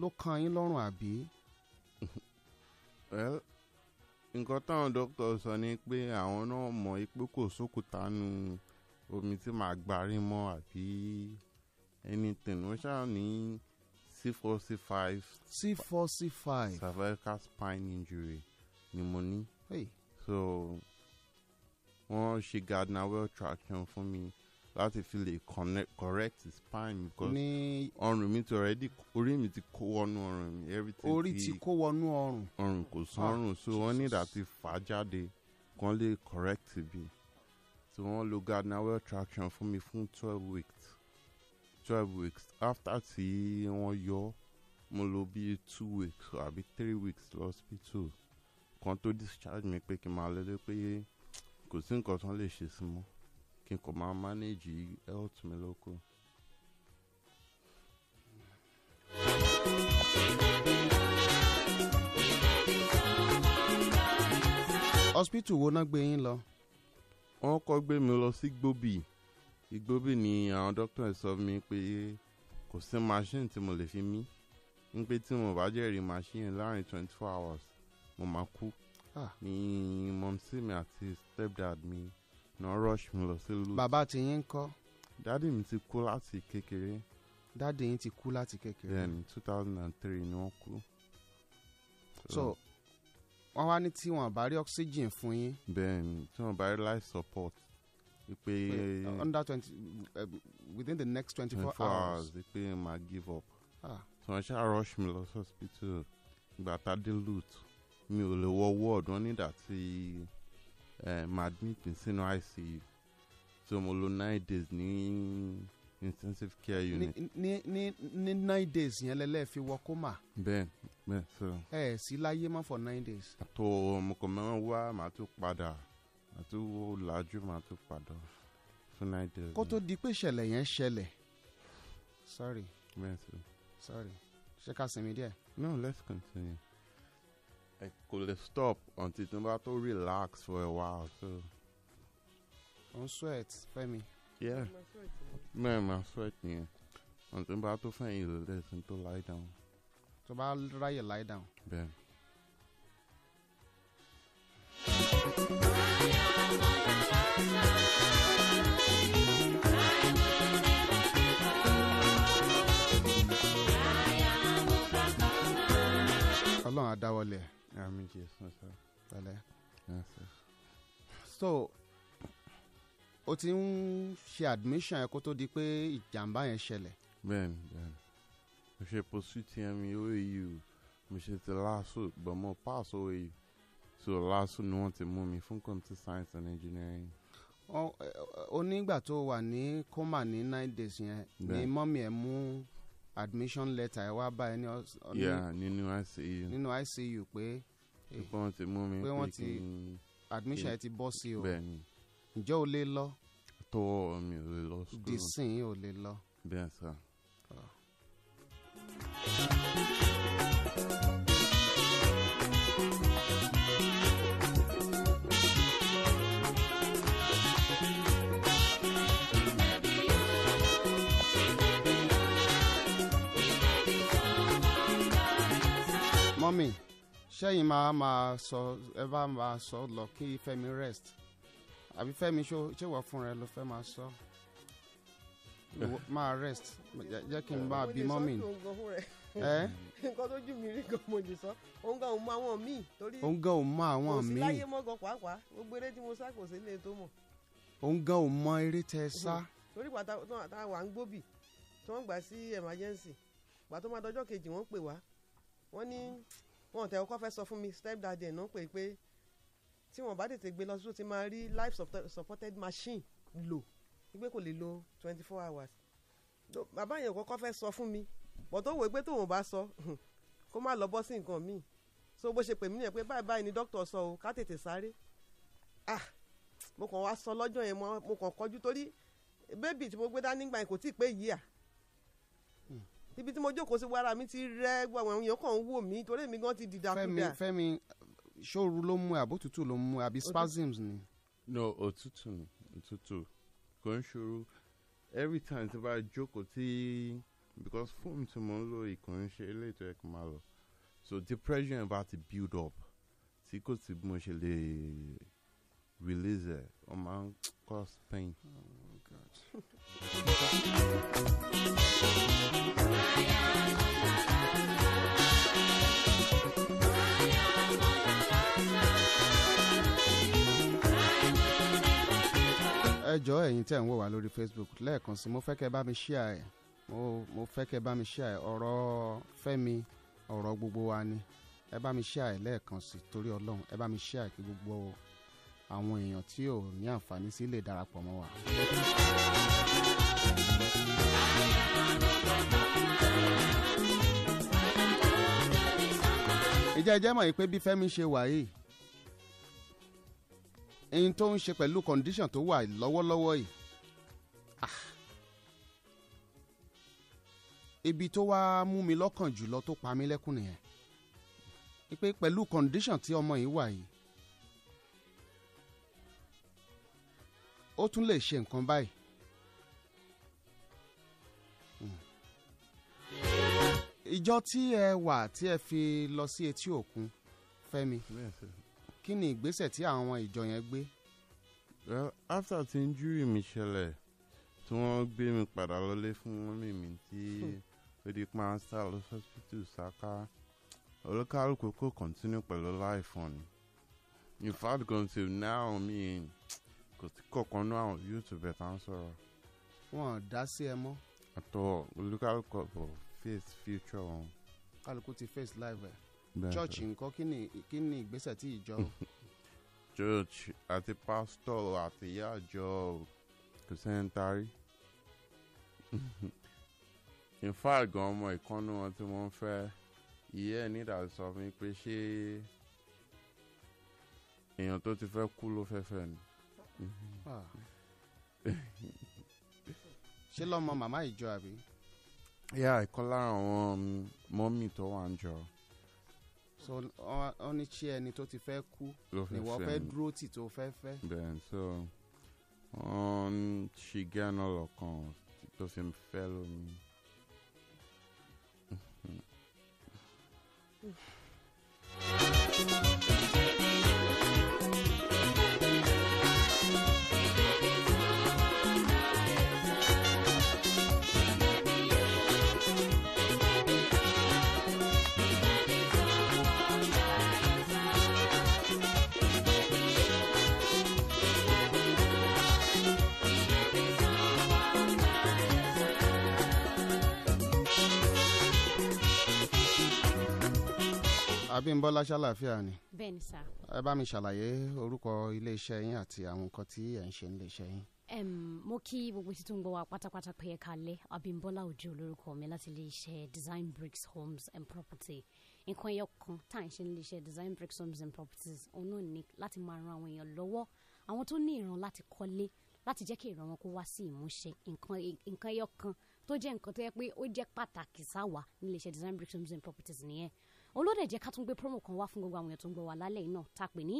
ló kan yín lọ́rùn
àbí well nǹkan táwọn dókítà sọ ni pé àwọn náà mọ̀ pé kò sókùtà nu omi tí màá gbarí mọ́ àbí anything wọ́n ṣáà ní c four c five. c four c five. cervical spine injury ni mo ní. Hey. so wọ́n ṣe gardner well traction fún mi láti fi lè correct spine because ní ọrùn mi ti already orí mi ti kó wọnú ọrùn mi everything orí ti kó wọnú ọrùn ọrùn kò sọrùn ah, so wọ́n ní láti fà á jáde kan lè correct bí so wọ́n lo Gardnerwell traction fún mi fún twelve weeks twelve weeks after tí wọ́n yọ mo lo bí two weeks àbí three weeks lọ́sibítù kan tó discharge mi pé kí n máa lọ lé pé kò sí nǹkan tán lè ṣe sí mọ́ kí n kò máa manage health mi lóko.
hospital wo náà
gbé yín lọ. wọ́n kọ́ gbé mi lọ sí gbòbì igbóbì ni àwọn dókítà sọ mi pé kò sí machine tí mo lè fi mí ń pé tí mo bá jẹ́rìí machine láàrin twenty four hours mo máa kú ah. ní mọ̀mísí mi àti stepdad mi náà rush mi lọ sí lù. bàbá ti yín kọ́. dádì mi ti kú láti kékeré. dádì yín ti kú láti kékeré. bẹ́ẹ̀ two thousand and three ni wọ́n kú.
so wọ́n wá ní tí wọ́n bá rí oxygen fún yín.
bẹ́ẹ̀ tí wọ́n bá rí life support pé under
twenty uh, within the next twenty four hours
pé ma give up ah. so wọn ṣáà rush mi lọ hospital ìgbà tá a dé loot mi ò lè wọ ward wọn nígbà tí eh, ma admit sínú ICU so mo lò nine days ní intensive care unit.
ní ní ní nine days yẹn lẹ́lẹ́ fi wọ kómà.
bẹ́ẹ̀ bẹ́ẹ̀ so.
ẹ ẹ sí láyé mọ́ for nine days.
àtò mo kàn máa ń wá màá tún padà màá tún wó làájú màá tún padà fún nine days. kó
tó di pé ìṣẹ̀lẹ̀ yẹn ṣẹlẹ̀ sorry. bẹ́ẹ̀ so. sorry ṣé ká sinmi díẹ̀. no let's
continue. I could stop until to relax for a while. So.
On sweat, Femi. Yeah.
Man, I'm sweating. Until to find this and to lie down.
So I'll try to lie down. Yeah. ọlọ́run àdáwọlẹ̀.
Ja, mindig okay. Vale.
So o ti ń ṣe admission yẹn kó tó di pé ìjàmbá yẹn ṣẹlẹ̀.
Bẹ́ẹ̀ni bẹ́ẹ̀ni, mo ṣe pursuit yẹn mi OAU, mo ṣe ti LASU, but mo pass OAU, so LASU ni wọ́n ti mú mi fún computer science and engineering onígbà tó wà ní kọ́mà ní nine
days yẹn ni mọ́mí ẹ̀ mú admission letter ẹ wá bá ẹ ní
nínú ICU nínú
ICU pé eh, pé wọ́n ti mú mi pé wọ́n ti admission ẹ ti bọ́ sí o
ǹjẹ́ o lè lọ. tọwọ́ mi ò lè lọ sukùl dísìn ò lè lọ. bẹ́ẹ̀ sá.
mọ́mì ṣẹ́yìn máa máa sọ ẹ bá máa sọ lọ kí Fẹ́mi rest àbí Fẹ́mi ṣé wọ́n fún rẹ ló fẹ́ máa sọ máa rest jẹ́ kí n máa bí mọ́mì
nǹkan tó jù mí rí gan mo lè sọ òun gan òun mọ àwọn míì torí òun
gan òun mọ àwọn míì kò sí láyé
mọ́gàn pàápàá gbogbo eré tí mo sá kò sí ilé tó mọ̀.
òun gan òun mọ eré tẹ sá.
torí pàtà tá a wà ń gbóbì tí wọ́n gbà sí emergency gbà tó máa dọjọ́ kejì wọ́n pè wá wọ́n ní wọn tẹ̀ ọkọ fẹ́ sọ fún mi step dad ẹ̀ náà pé pé tí wọ́n bá tètè gbé lọ sí ti máa rí life supported machine lò wípé kò lè lo twenty four hours bàbá yẹn kọ́kọ́ fẹ́ sọ fún mi bọ̀ tó wò pé tóun bá sọ kó má lọ bọ́ sí nǹkan míì so bó ṣe pè mí yẹn pé báyìí báyìí ni dókítà sọ o ká tètè sáré ah mo kàn wá sọ lọ́jọ́ yẹn mo kàn kọjú torí bébì tí mo gbé dání gbà yẹn kò tí ì pé yìí à ibi tí mo jókòó sí wàrà mi ti rẹ́ gbogbo àwọn èèyàn kàn ń wò mí torí èmi gan ti dìdàkudà. fẹ́mi
fẹ́mi ṣòru ló mú ẹ àbótútù ló mú ẹ
àbí spasms ni. no òtútù ni òtútù kò ń ṣòro every time tí bá jókòó tí because fóònù tí mo ń lò ìkò ń ṣe eléyìí tó yẹ kó máa lọ so depression bá ti build up tí kò sí bí mo ṣe lè release ẹ ọ máa ń cause pain. Oh
ẹjọ́ ẹ̀yin tẹ̀ ń wò wá lórí Facebook lẹ́ẹ̀kan sí mo fẹ́ kẹ́ bá mi ṣíà ẹ̀ mo fẹ́ kẹ́ bá mi ṣíà ẹ̀ ọ̀rọ̀ Fẹ́mi ọ̀rọ̀ gbogbo wa ni ẹ bá mi ṣíà ẹ̀ lẹ́ẹ̀kan sí torí Ọlọ́run ẹ bá mi ṣíà ẹ̀ kí gbogbo àwọn èèyàn tí ò ní àǹfààní sí lè darapọ̀ mọ́ wa. ìjẹ́ ìjẹ́ mọ̀ yìí pé bí Fẹ́mi ṣe wà yìí ẹyin tó ń ṣe pẹ̀lú condition tó wà lọ́wọ́lọ́wọ́ yìí ah, ibi tó wá mú mi lọ́kàn jùlọ tó pa mí lẹ́kùn nìyẹn pé pẹ̀lú condition tí ọmọ yìí wà yìí ó tún lè ṣe nǹkan báyìí ìjọ tí ẹ wà tí ẹ fi lọ sí etí òkun Fẹ́mi kí ni ìgbésẹ̀ tí àwọn ìjọ yẹn gbé.
well after tí injury mi ṣẹlẹ̀ tí wọ́n gbé mi padà lọlé fún mọ́mì mi tí hmm. ó di hospital Saka olúkálùkù kò continue pẹ̀lú life on in fact until now mi kò sí kọ̀ọ̀kan náà àwọn yóò tún bẹ̀ tá à ń sọ̀rọ̀.
wọn ò dá sí ẹ mọ́.
àtọ olúkálùkù kò face future wọn.
kálukú ti face life ẹ church nǹkan kí ni kí ni ìgbésẹ̀ tí ìjọ.
church àti pastor àti ìyá àjọ kò sẹ́yìn tarí in fact gan ọmọ ìkànnì wọn tí wọ́n fẹ́ ìyá ẹ̀ nídà sọ fún mi pé ṣé èèyàn tó ti fẹ́ kú ló fẹ́ fẹ́ ni.
Ah. ṣé lọ́mọ màmá ìjọ àbí
yà ẹ̀kọ́ lára àwọn mọ́mì tó wà ń jọ.
so ọ ní tí ẹni tó ti fẹ́ kú níwọ̀ fẹ́ dúró tì tó fẹ́ fẹ́.
bẹ́ẹ̀ so wọ́n ṣì gánà lọ́kàn tó fi ń fẹ́ lómi.
Thank you.
Abímbọ́lá ṣàlàfíà ni. bẹ́ẹ̀ni sá. ẹ bá mi ṣàlàyé orúkọ iléeṣẹ́ yín àti àwọn nǹkan tí ẹ ń ṣe níléeṣẹ́ yín.
Um, mo kí gbogbo tí ń gbọ́ wa pátápátá pé ẹ kalẹ̀ Abímbọ́lá Òjó olórúkọ mi láti iléeṣẹ́ Design Bricks Homes and Property nǹkan ẹyọ kan tá à ń ṣe níléeṣẹ́ Design Bricks Homes and Properties òun náà ni láti máa ran àwọn èèyàn lọ́wọ́ àwọn tó ní ìran láti kọ́lé láti jẹ́ kí ìran wọn kó wá sí ìmúṣẹ nǹkan ẹyọ kan tó jẹ́ nǹkan tó yẹ pé ó jẹ́ pàtàkì sáwà níléeṣẹ́ Design Bricks Homes and Properties nìyẹn olóde jẹ́ ká tún gbé promo kan wá fún gbogbo àwọn èèyàn tó ń gbọ́ wá lálẹ́ yìí náà tá pè ní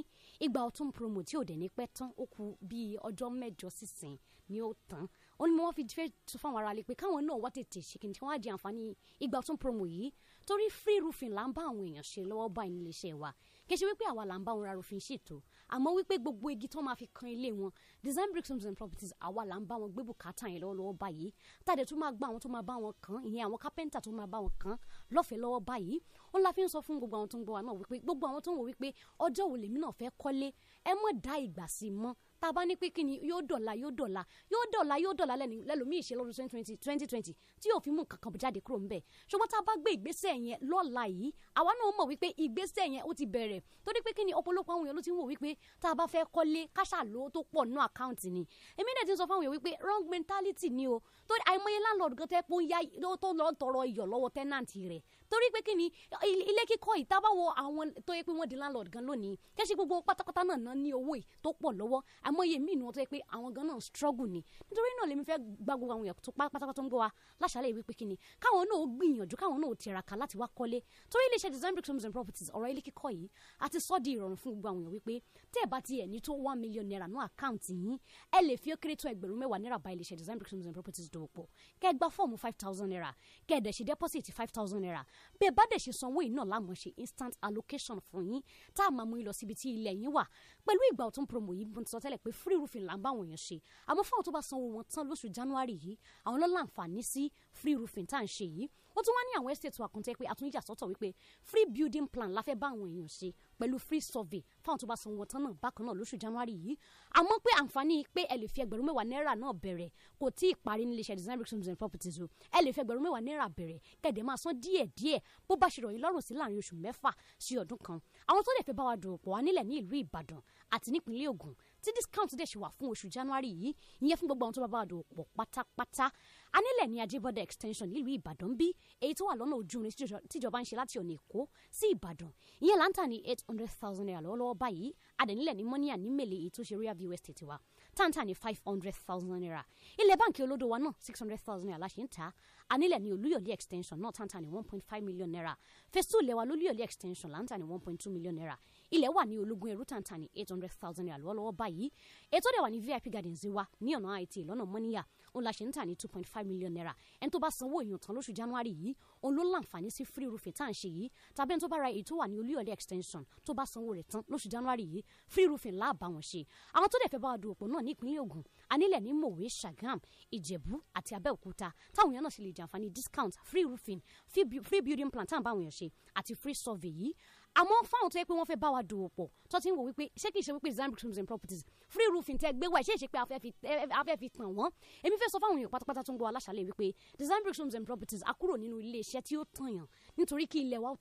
ìgbà ọ̀tun promo tí ò dẹ̀ ní pẹ́ tán ó kù bíi ọjọ́ mẹ́jọ sísìn ni ó tán ó ní wọ́n fi fẹ́ tún fáwọn aráalé pé káwọn náà wá tètè ṣe kìnìún tí di àǹfààní ìgbà ọ̀tun promo yìí torí free roofing là ń bá àwọn èèyàn ṣe lọ́wọ́ báyìí nílé iṣẹ́ wa kì í ṣe wípé àwa là ń bá wọn ra roofing ṣètò àmọ́ wípé gbogbo igi tí wọ́n máa fi kan ilé wọn design bricks homes and properties àwa là ń bá wọn gbé bùkátà yẹn lọ́wọ́lọ́wọ́ báyìí tàdé tó máa gba àwọn tó máa bá wọn kan ìyẹn àwọn kápẹ́ńtà tó máa bá wọn kan lọ́fẹ̀ẹ́ lọ́wọ́ báyìí ó la fi ń sọ fún gbogbo àwọn tó ń gbọ́ wa náà wípé gbogbo àwọn tó ń wò wípé ọjọ́ wo lèmi náà fẹ́ kọ́lé ẹ mọ̀ dá ìgbà sí i mọ́ tá a bá ní pé kí ni yóò dọ̀la yóò dọ̀la yóò dọ̀la yóò dọ̀la lẹ́lòmíì ṣe lọ́dún twenty twenty twenty twenty tí yóò fi mú nǹkan kan jáde kúrò ńbẹ̀ ṣùgbọ́n tá a bá gbé ìgbésẹ̀ yẹn lọ́la yìí àwa náà mọ̀ wípé ìgbésẹ̀ yẹn ó ti bẹ̀rẹ̀ torí pé ni ọ̀pọ̀lọpọ̀ àwọn èèyàn ló ti ń wò wípé tá bá fẹ́ kọ́lé káṣà ló tó pọ̀ náà àkáǹtì ni èmi náà ti sọ fáwọn èèyàn wípé wrong mentality ni o torí àìmọye landlord gan tẹ́ pọ́n yá tó lọ tọrọ iyọ̀ lọ́wọ́ tenant torí pé kí ni ilé kíkọ́ yìí tábà wo àwọn tó yẹ pé wọ́n di landlord gan lónìí kẹ́sì gbogbo pátápátá náà náà ní owó yìí tó pọ̀ lọ́wọ́ àmọ́ye míì ni wọ́n tó yẹ pé àwọn gan náà struggle ni nítorí náà lèmi fẹ́ gba gbogbo àwọn èèyàn tó pátápátá tó ń gbọ́ wa láṣàlẹ̀ ìwé pé kí ni káwọn náà gbìyànjú káwọn náà tiraka láti wá kọ́lé torí iléeṣẹ́ design bricks homes and properties ọ̀rọ̀ ilé kíkọ́ yìí àti sọ́ di ìrọ̀rùn fún gbogbo àwọn èèyàn wípé tẹ́ one million naira nú àkáǹtì yín ẹ lè fi ó naira bá iléeṣẹ́ design bricks homes and properties dòwò pọ̀ kẹ́ ẹ five thousand naira kẹ́ ẹ dẹ̀ ṣe five thousand naira bẹ́ẹ̀ bá dẹ̀ ṣe sanwó yìí náà láàmú ṣe instant allocation fún yín tá a máa mú yín lọ síbi tí ilẹ̀ yín wà pẹ̀lú ìgbà ọ̀tún promo yìí mo ti sọ tẹ́lẹ̀ pé free roofing là ń bá àwọn èèyàn ṣe àmọ́ fáwọn tó bá sanwó wọn tán lóṣù January yìí àwọn ló láǹfààní sí free roofing tá à ń ṣe yìí ó tún wá ní àwọn estate wa kan tẹ́ pé àtúnyíjà sọ́tọ̀ wípé free building plan la fẹ́ bá àwọn èèyàn ṣe pẹ̀lú free survey fáwọn tó bá sanwó tán náà bákan náà lóṣù january yìí àmọ́ pé àǹfààní pé ẹ lè fi ẹgbẹ̀rún mẹ́wàá náírà náà bẹ̀rẹ̀ kò tí ì parí nílé iṣẹ́ design bricks and properties o ẹ lè fi ẹgbẹ̀rún mẹ́wàá náírà bẹ̀rẹ̀ kẹ̀dẹ̀ máa san díẹ̀ díẹ̀ bó bá ṣe rọ̀yìn lọ́rùn sí láàrin oṣù mẹ́fà sí ọdún kan àwọn tó lè fẹ́ bá wa dòwò pọ̀ wá nílẹ̀ ní ìlú ìbàdàn àti nípínlẹ̀ ògùn tí discount dẹ̀ ṣe wà fún oṣù january yìí ìyẹn fún gbogbo àwọn tó bá bá wa dòwò pọ̀ pátápátá anílẹ̀ ní ajibode extension nílùú ìbàdàn bí èyí tó wà lọ́nà ojú irin tíjọba ń ṣe láti ọ̀nà èkó sí ìbàdàn ìyẹn láǹtà ní eight hundred thousand naira lọ́wọ́lọ́wọ́ báyìí adẹ̀nílẹ̀ ní mọ́níyà ní mèlè èyí tó ṣe rear view estate wa táǹtà ní five hundred thousand naira ilẹ̀ báǹkì olódò wa náà six hundred thousand naira la ṣe ń ta anílẹ̀ ní olúyọ̀lé extension náà táǹtà ní one point five million naira fesu lẹ́wà lólúyọ̀lé extension láǹtà ní one point two million naira ilẹ̀ wà ní ológun ẹrú tàǹtà ní eight hundred thousand naira lọ́wọ́lọ́wọ́ báyìí ètò dẹ̀ ní vip gardens wa ní ọ̀nà it lọ́nà mọ́níyà òun la ṣe ń tà ní two point five million naira ẹni tó bá sanwó èèyàn tán lóṣù january yìí òun ló láǹfààní sí free roofing tá à ń ṣe yìí tàbí ẹni tó bá ra èyí tó wà ní olúyọ̀lé extension tó bá sanwó rẹ̀ tán lóṣù january yìí free roofing láàbà wọn ṣe àwọn tó dẹ̀ fẹ́ bá wa du òpó náà ní ìpínlẹ̀ ògùn anílẹ̀ ní mòwe sagam ìjẹ̀bú àti abẹ́òkúta táwọn èèyàn náà sì lè jàǹfààní discount free roofing free building plan táwọn báwọn èèyàn ṣe àti free survey yìí àmọ́ fáwọn tó yẹ pé wọ́n fẹ́ bá wa dòwò pọ̀ tó ti ń wò wípé ṣé kìí ṣe wípé Design Bricks and Properties free roofing tẹ́ gbé wá ṣé ìṣe pé afẹ́ fi tàn wọ́n èmi fẹ́ sọ fáwọn èèyàn pátápátá tó ń gbọ́ aláṣàlẹ̀ wípé Design Bricks and Properties a kúrò nínú ilé iṣẹ́ tí ó tànyàn nítorí kí ilẹ̀ wa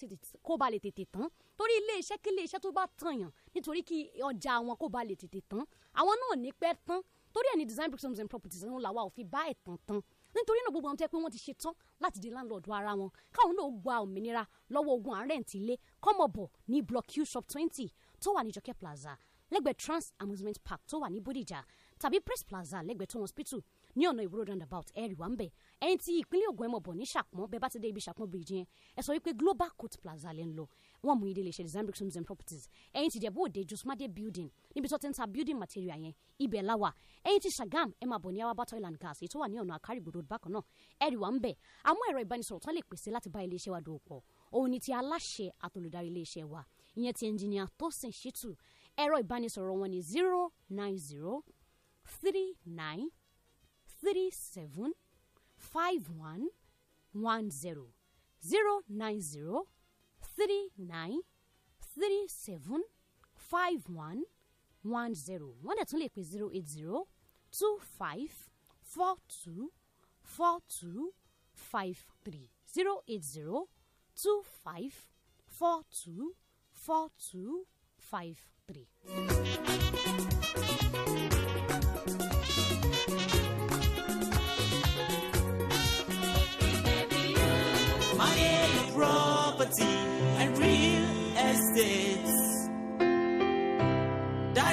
kó ba lè tètè tán torí ilé iṣẹ́ kí ilé iṣẹ́ tó bá tànyàn nítorí kí ọjà wọn kó ba lè tètè tán àwọn náà ní pẹ́ tán torí ẹni Design Bricks and Properties ń làwa ò fi bá ẹ̀tàn tán nítorí náà gbogbo àwọn tó yẹ pé wọ́n ti ṣe tán láti di láńlọ́ọ̀dù ara wọn káwọn náà gba òmìnira lọ́wọ́ ogun àárẹ̀ǹtì ilé kọ́mọ̀bọ̀ ní block q shop twenty tó wà ní jọkẹ́ plaza lẹ́gbẹ̀ẹ́ trans amusement park tó wà ní bódìjà tàbí press plaza lẹ́gbẹ̀ẹ́ tó hospital ní ọ̀nà ìwúrò roundabout ẹ̀rì wà ń bẹ̀ ẹ̀yìn tí ìpínlẹ̀ Ògùn ẹ̀ mọ̀ bọ̀ ní Ṣàpọ̀n bẹ́ẹ̀ bá ti dé ibi Ṣàpọ̀n bridge yẹn ẹ sọ wípé global coat plaza lẹ́ ń lọ wọn mú yìí délé ṣẹlẹ Zambia and properties ẹyin ti dẹbú òde Jusmade building níbi tó ti ń ta building material yẹn ibẹ̀ láwà ẹyin ti Sagam ẹ máa bọ̀ ní awaba toil and gas èyí tó wà ní ọ̀nà àkárìgbòdo bákan náà ẹ̀rì wà ń bẹ̀ àmọ́ ẹ̀rọ ìbánisọ̀rọ̀ tán lè pèsè láti bá iléeṣẹ́ wa dòwòpọ̀ òun ni ti aláṣẹ àtolùdarí iléeṣẹ́ wa ìyẹn ti ẹnjìnìà Tosin Shitu ẹ̀rọ ìbánisọ̀rọ̀ wọn ni zero nine zero three nine three seven five one one zero zero nine zero three nine three seven five one one zero wọ́n dẹ̀ tún lè pè zero eight zero two five four two four two five three zero eight zero two five four two four two five three.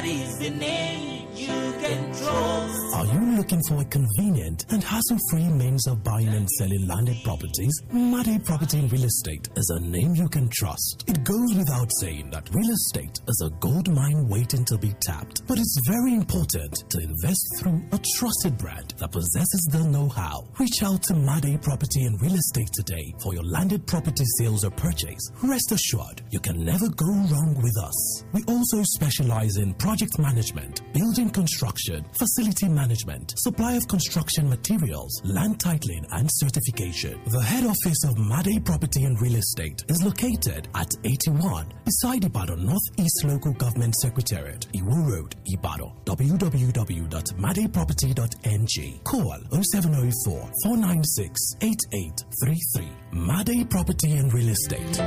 God is the name. Are
you looking for a convenient and hassle-free means of buying and selling landed properties? Made Property and Real Estate is a name you can trust. It goes without saying that real estate is a gold mine waiting to be tapped, but it's very important to invest through a trusted brand that possesses the know-how. Reach out to Made Property and Real Estate today for your landed property sales or purchase. Rest assured, you can never go wrong with us. We also specialize in project management, building construction, facility management, supply of construction materials, land titling and certification. The head office of Made Property and Real Estate is located at 81 beside Ibadan Northeast Local Government Secretariat, Iwo Road, Ibadan. www.madeproperty.ng. Call 0704 496 8833. Made Property and Real Estate.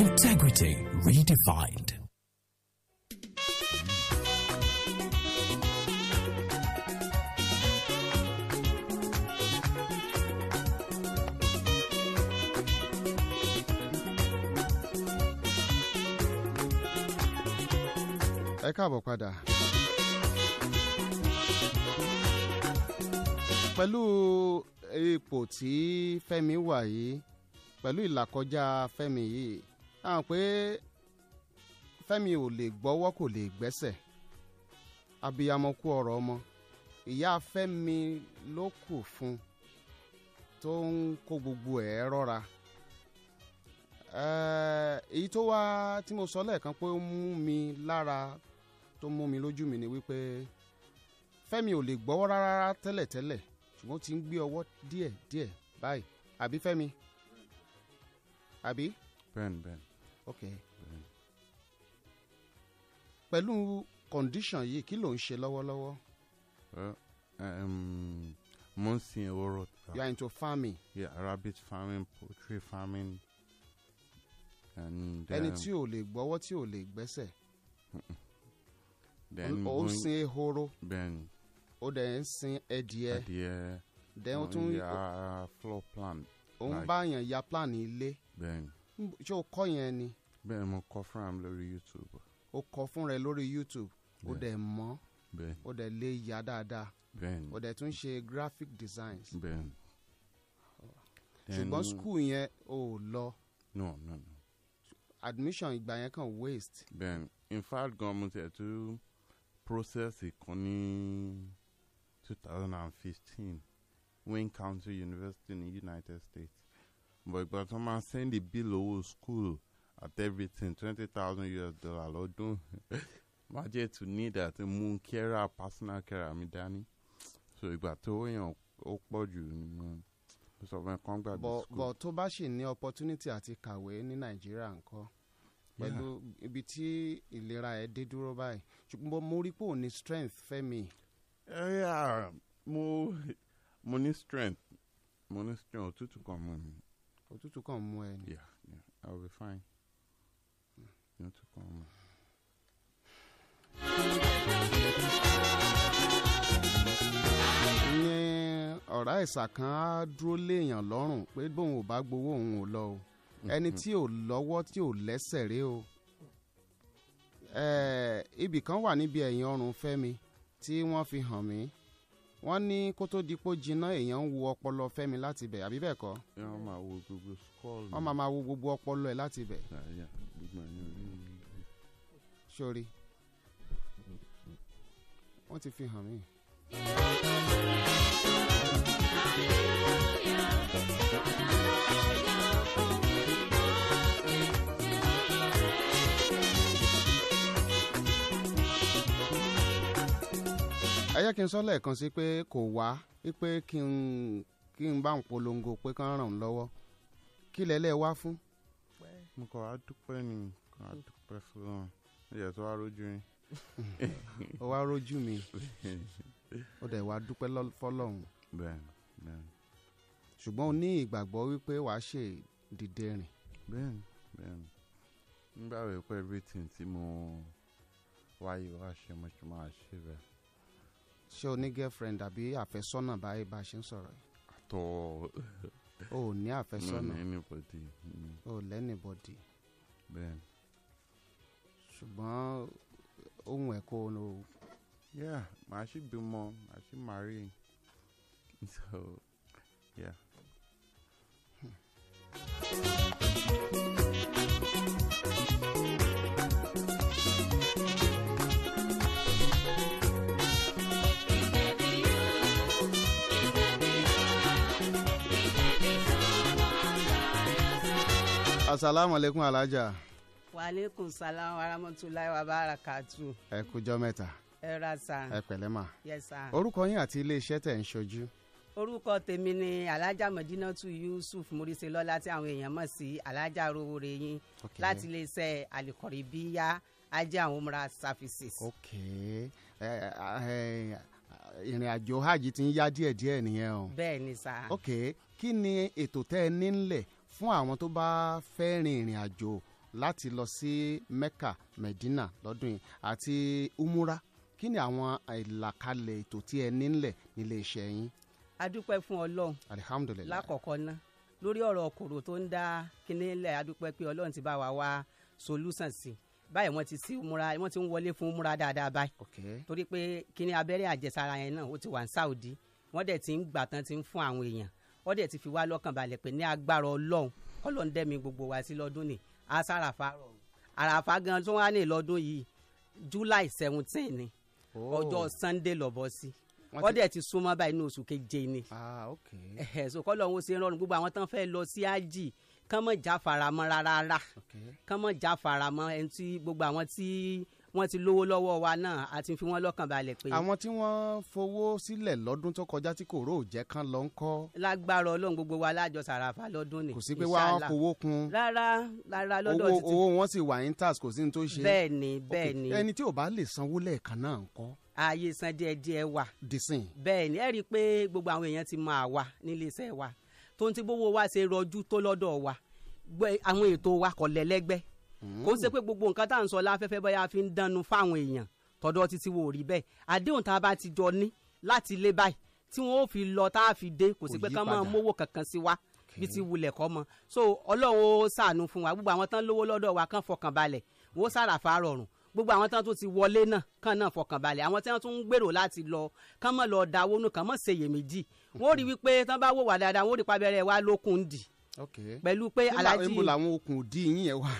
Integrity redefined.
ẹ káàbọ̀ padà. pẹ̀lú ipò tí Fẹ́mi wà yìí pẹ̀lú ìlàkọjá Fẹ́mi yìí a hàn pé Fẹ́mi ò lè gbọ́wọ́ kò lè gbẹ́sẹ̀ abiyamọ kú ọ̀rọ̀ ọmọ ìyá Fẹ́mi ló kù fún tó ń kó gbogbo ẹ̀ rọ́ra èyí tó wá tí mo sọ lẹ́ẹ̀kan pé ó mú mi lára tó mú mi lójú mi ni wípé Fẹ́mi ò lè gbọ́wọ́ rárá tẹ́lẹ̀tẹ́lẹ̀ ṣùgbọ́n ó ti ń gbé ọwọ́ díẹ̀ díẹ̀ báyìí àbí Fẹ́mi àbí. bẹ́ẹ̀ni bẹ́ẹ̀ni. ok pẹ̀lú kọ̀ǹdíṣàn yìí kí ló ń ṣe lọ́wọ́lọ́wọ́.
mo ń sin ewúro. you are into farming. yeah rabbit farming poultry farming. ẹni tí
ò lè gbọ́wọ́ tí ò lè gbẹ́sẹ̀
ó ń sin
ehoro ó dẹ̀ ń sin ẹdìẹ
then ó tún ya floor plan. ó ń bá
yàn ya plan ilé
ṣé
o kọ́ yẹn ni.
bẹ́ẹ̀ mo kọ́ fúnra mi lórí YouTube.
o kọ́ fúnra ẹ lórí YouTube ó dẹ̀ mọ̀ ó dẹ̀ lè ya dáadáa ó dẹ̀ tún ṣe graphic designs.
ṣùgbọ́n school
yẹn ò lọ. no no no. admission ìgbà yẹn kàn waste.
bẹ́ẹ̀ in fact gan mo tẹ̀ tún process kan ní two fifteen Wayne County University ní United States but ìgbà tó máa send the bill owó school at everything twenty thousand US dollar lọ́dún májẹ̀ to need àti mú kẹ́ra personal kẹ́ra mi dání so ìgbà tó yàn ó pọ̀ jù ni mo sọ fún ẹ kán gbàgbé school. bọ̀
tó bá ṣì ní opportunity àti kàwé ní Nàìjíríà ńkọ́ pẹ̀lú ibi tí ìlera ẹ̀ dé dúró báyìí ṣùgbọ́n mo rí pé ní strength
fẹ́mi. Eh, mo mo ní strength mo ní strength òtútù kan mú mi. òtútù kan mú ẹ ni. yeah yeah i will be fine. òtútù kan mú.
ní ọ̀rá ìsà kan á dúró léèyàn lọ́rùn pé bóun ò bá gbowó òun ò lọ o ẹni tí ò lọ́wọ́ tí ò lẹ́sẹ̀ rẹ o ibì kan wà níbi ẹ̀yìn ọrùn Fẹ́mi tí wọ́n fi hàn mí wọ́n ní kó tó di pó jiná èèyàn ń wo ọpọlọ Fẹ́mi láti bẹ̀ àbí bẹ́ẹ̀ kọ́. wọ́n máa wo
gbogbo skọ́ọ̀lù. wọ́n
wo gbogbo ọpọlọ ẹ̀ láti bẹ̀. sori wọ́n ti fi hàn mí. Hallelujah. ẹ jẹ́ kí n sọ lẹ́ẹ̀kan sí pé kò wá pé kí n kí n bá ń polongo pé kán ràn lọ́wọ́ kí lẹ́lẹ́ wá fún. mo kọ̀ wá dúpẹ́ ni
mo kọ̀ wá dúpẹ́ fún wọn ẹ̀jẹ̀ tó wá rójú mi.
ó wá rójú mi ó dẹ̀ wá dúpẹ́ fọlọ́hún. bẹ́ẹ̀ni bẹ́ẹ̀ni. ṣùgbọ́n o ní ìgbàgbọ́ wípé wàá ṣe dìde rìn.
bẹ́ẹ̀ni bẹ́ẹ̀ni nígbà wípé everything tí mo wáyé wá ṣe mo ṣe máa ṣe bẹ́ẹ̀
ṣé o ní girlfriend àbí àfẹ́sọ́nà báyìí bá a ṣe ń sọ̀rọ̀ yìí. àtọ. o ò ní àfẹ́sọ́nà. mi ò ní bọ́dì. o ò lẹ́nì bọ́dì.
bẹ́ẹ̀. ṣùgbọ́n ohun ẹ̀ kó o. yeah màá ṣì bímọ màá ṣì marry so yeah. Hmm.
asalaamualeykum alaja.
waaleykum salaam warahmatulahi wabarakatu.
ẹ kújọ mẹ́ta.
ẹ ra sa. ẹ
pẹ̀lẹ́ ma. yẹ sa. orúkọ yín àti iléeṣẹ́ tẹ̀ ń ṣojú.
orúkọ tèmi ni alájà mọ̀dínàtù yusuf muriselọ́lá tí àwọn èèyàn mọ̀ sí alájà rówóre yín láti iléeṣẹ́ alikọ̀rìbíyá ajé àwọn ọmọra services.
ok ẹ ẹ ìrìn àjò hajj ti ń yá díẹ̀díẹ̀ nìyẹn o. bẹ́ẹ̀ ni sá. ok kí ni ètò tẹ́ ẹ ní fún àwọn tó bá fẹ́ rin ìrìn àjò láti lọ sí Mecca Medina lọ́dún yìí àti umura kí ni àwọn ìlàkalẹ̀ ètò
tí ẹ nílẹ̀ nílé iṣẹ́ yín. adúpẹ́ fún ọlọ́run alihamudulilayi lákọ̀ọ́kọ́ ná lórí ọ̀rọ̀ kòrò tó ń dá kinní lẹ̀ adúpẹ́ pé ọlọ́run ti bá wa wá solúsàn sí i báyìí wọ́n ti sí múra wọ́n ti ń wọlé fún múra dáadáa báyìí torí pé kinní abẹ́rẹ́ àjẹsára yẹn náà ó ti wà ní Saudi wọ́n dẹ̀ ti ń gbà tán ti ń fún àwọn èèyàn wọ́n dẹ̀ ti fi wá lọ́kàn balẹ̀ pé ní agbára ọlọ́run ọlọ́run dẹ́mi gbogbo wa sí lọ́dún ni asarafa àràfà gan tó wá ní lọ́dún yìí july seventeen ni oh. ọjọ́ sunday lọ́bọ̀ sí wọ́n dẹ̀ ti súnmọ́ báyìí ní oṣù keje ni ah, so kọ́ lọ́run ó ṣe ń rọrùn gbogbo àwọn tán fẹ́ lọ sí ájì kán mọ̀ já faramọ́ rárá kán mọ̀ já faramọ́ ẹni tí gbogbo àwọn tí wọ́n ti lówó lọ́wọ́ wa náà àti fi wọ́n lọ́kàn balẹ̀ pé. àwọn
tí wọ́n fowó sílẹ̀ lọ́dún tó kọjá tí kò róò jẹ́ kán lọ ń kọ́.
lágbára ọlọ́run gbogbo wa lájọ sàràfà lọ́dún ni. kò sí pé wàá fowó kun. rárá rárá lọ́dọ̀ títí. owó
wọn sì wà intact kò sí ní tó ṣe. bẹ́ẹ̀ni bẹ́ẹ̀ni. ẹni tí ò bá lè sanwó lẹ́ẹ̀kan náà ń kọ́
ààyè san díẹ̀ díẹ̀ wà. disin. bẹ́ẹ̀ ni ẹ rí i pé gbogbo àwọn èèyàn ti máa wà nílé iṣẹ́ wa tó ń ti gbowó wa ṣe rọjú tó lọ́dọ̀ wa àwọn ètò wa kò lẹ́lẹ́gbẹ́ kò ṣe pé gbogbo nǹkan tá à ń sọ láfẹ́fẹ́ bóyá fi ń dánu fáwọn èèyàn tọ́dọ̀ títí wò rí bẹ́ẹ̀ àdéhùn tá a bá ti jọ ní láti lé báyìí tí wọ́n ó fi lọ tá a fi dé kò sí pé ká máa mówó kankan sí wa bí ti wulẹ̀ kọ́ mọ so ọlọ́run ó ṣàánú fún wa gbogbo àwọn tán lówó lọ́dọ̀ wa kàn fọkàn balẹ̀ wọ́n sàràfà rọrùn gbogbo àwọn tán tó ti wọlé náà kàn náà fọkàn balẹ̀ àwọn tí wọ́n tún ń gbèrò láti lọ kàn mọ̀ lọ dáwó nù kàn mọ̀ ṣèyèméjì wọ́n rí wípé tán bá wò wá dáadáa wọ́n rí pabẹ́rẹ́ wa lókun dì
pẹ̀lú pé alájí níbo làwọn okùn òdì yín yẹn wà.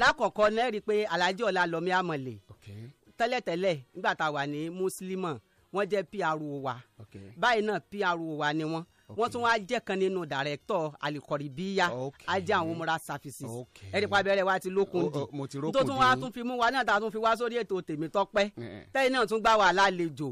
lákọ̀ọ́kọ́ náà rí i pé alájí ọ̀la lọ́mí àmọ̀lẹ̀ tẹ́lẹ̀tẹ́lẹ̀ nígbà tá a wà ní mùsùlùmọ̀ wọ́n jẹ́ PRO wa báyìí náà PRO wa ni wọ́n wọ́n tún wá jẹ́ kan nínú dàrẹ́tọ̀ alikọ̀rìbíyá ajé àwọn múra services ẹ̀rí pàbẹ́rẹ́ wa ti lókun di tó tún wá tún fi mú wa náà tá a tún fi wá sórí ètò Tèmítọ́pẹ́ tẹ́yìn náà tún gbà wá lálejò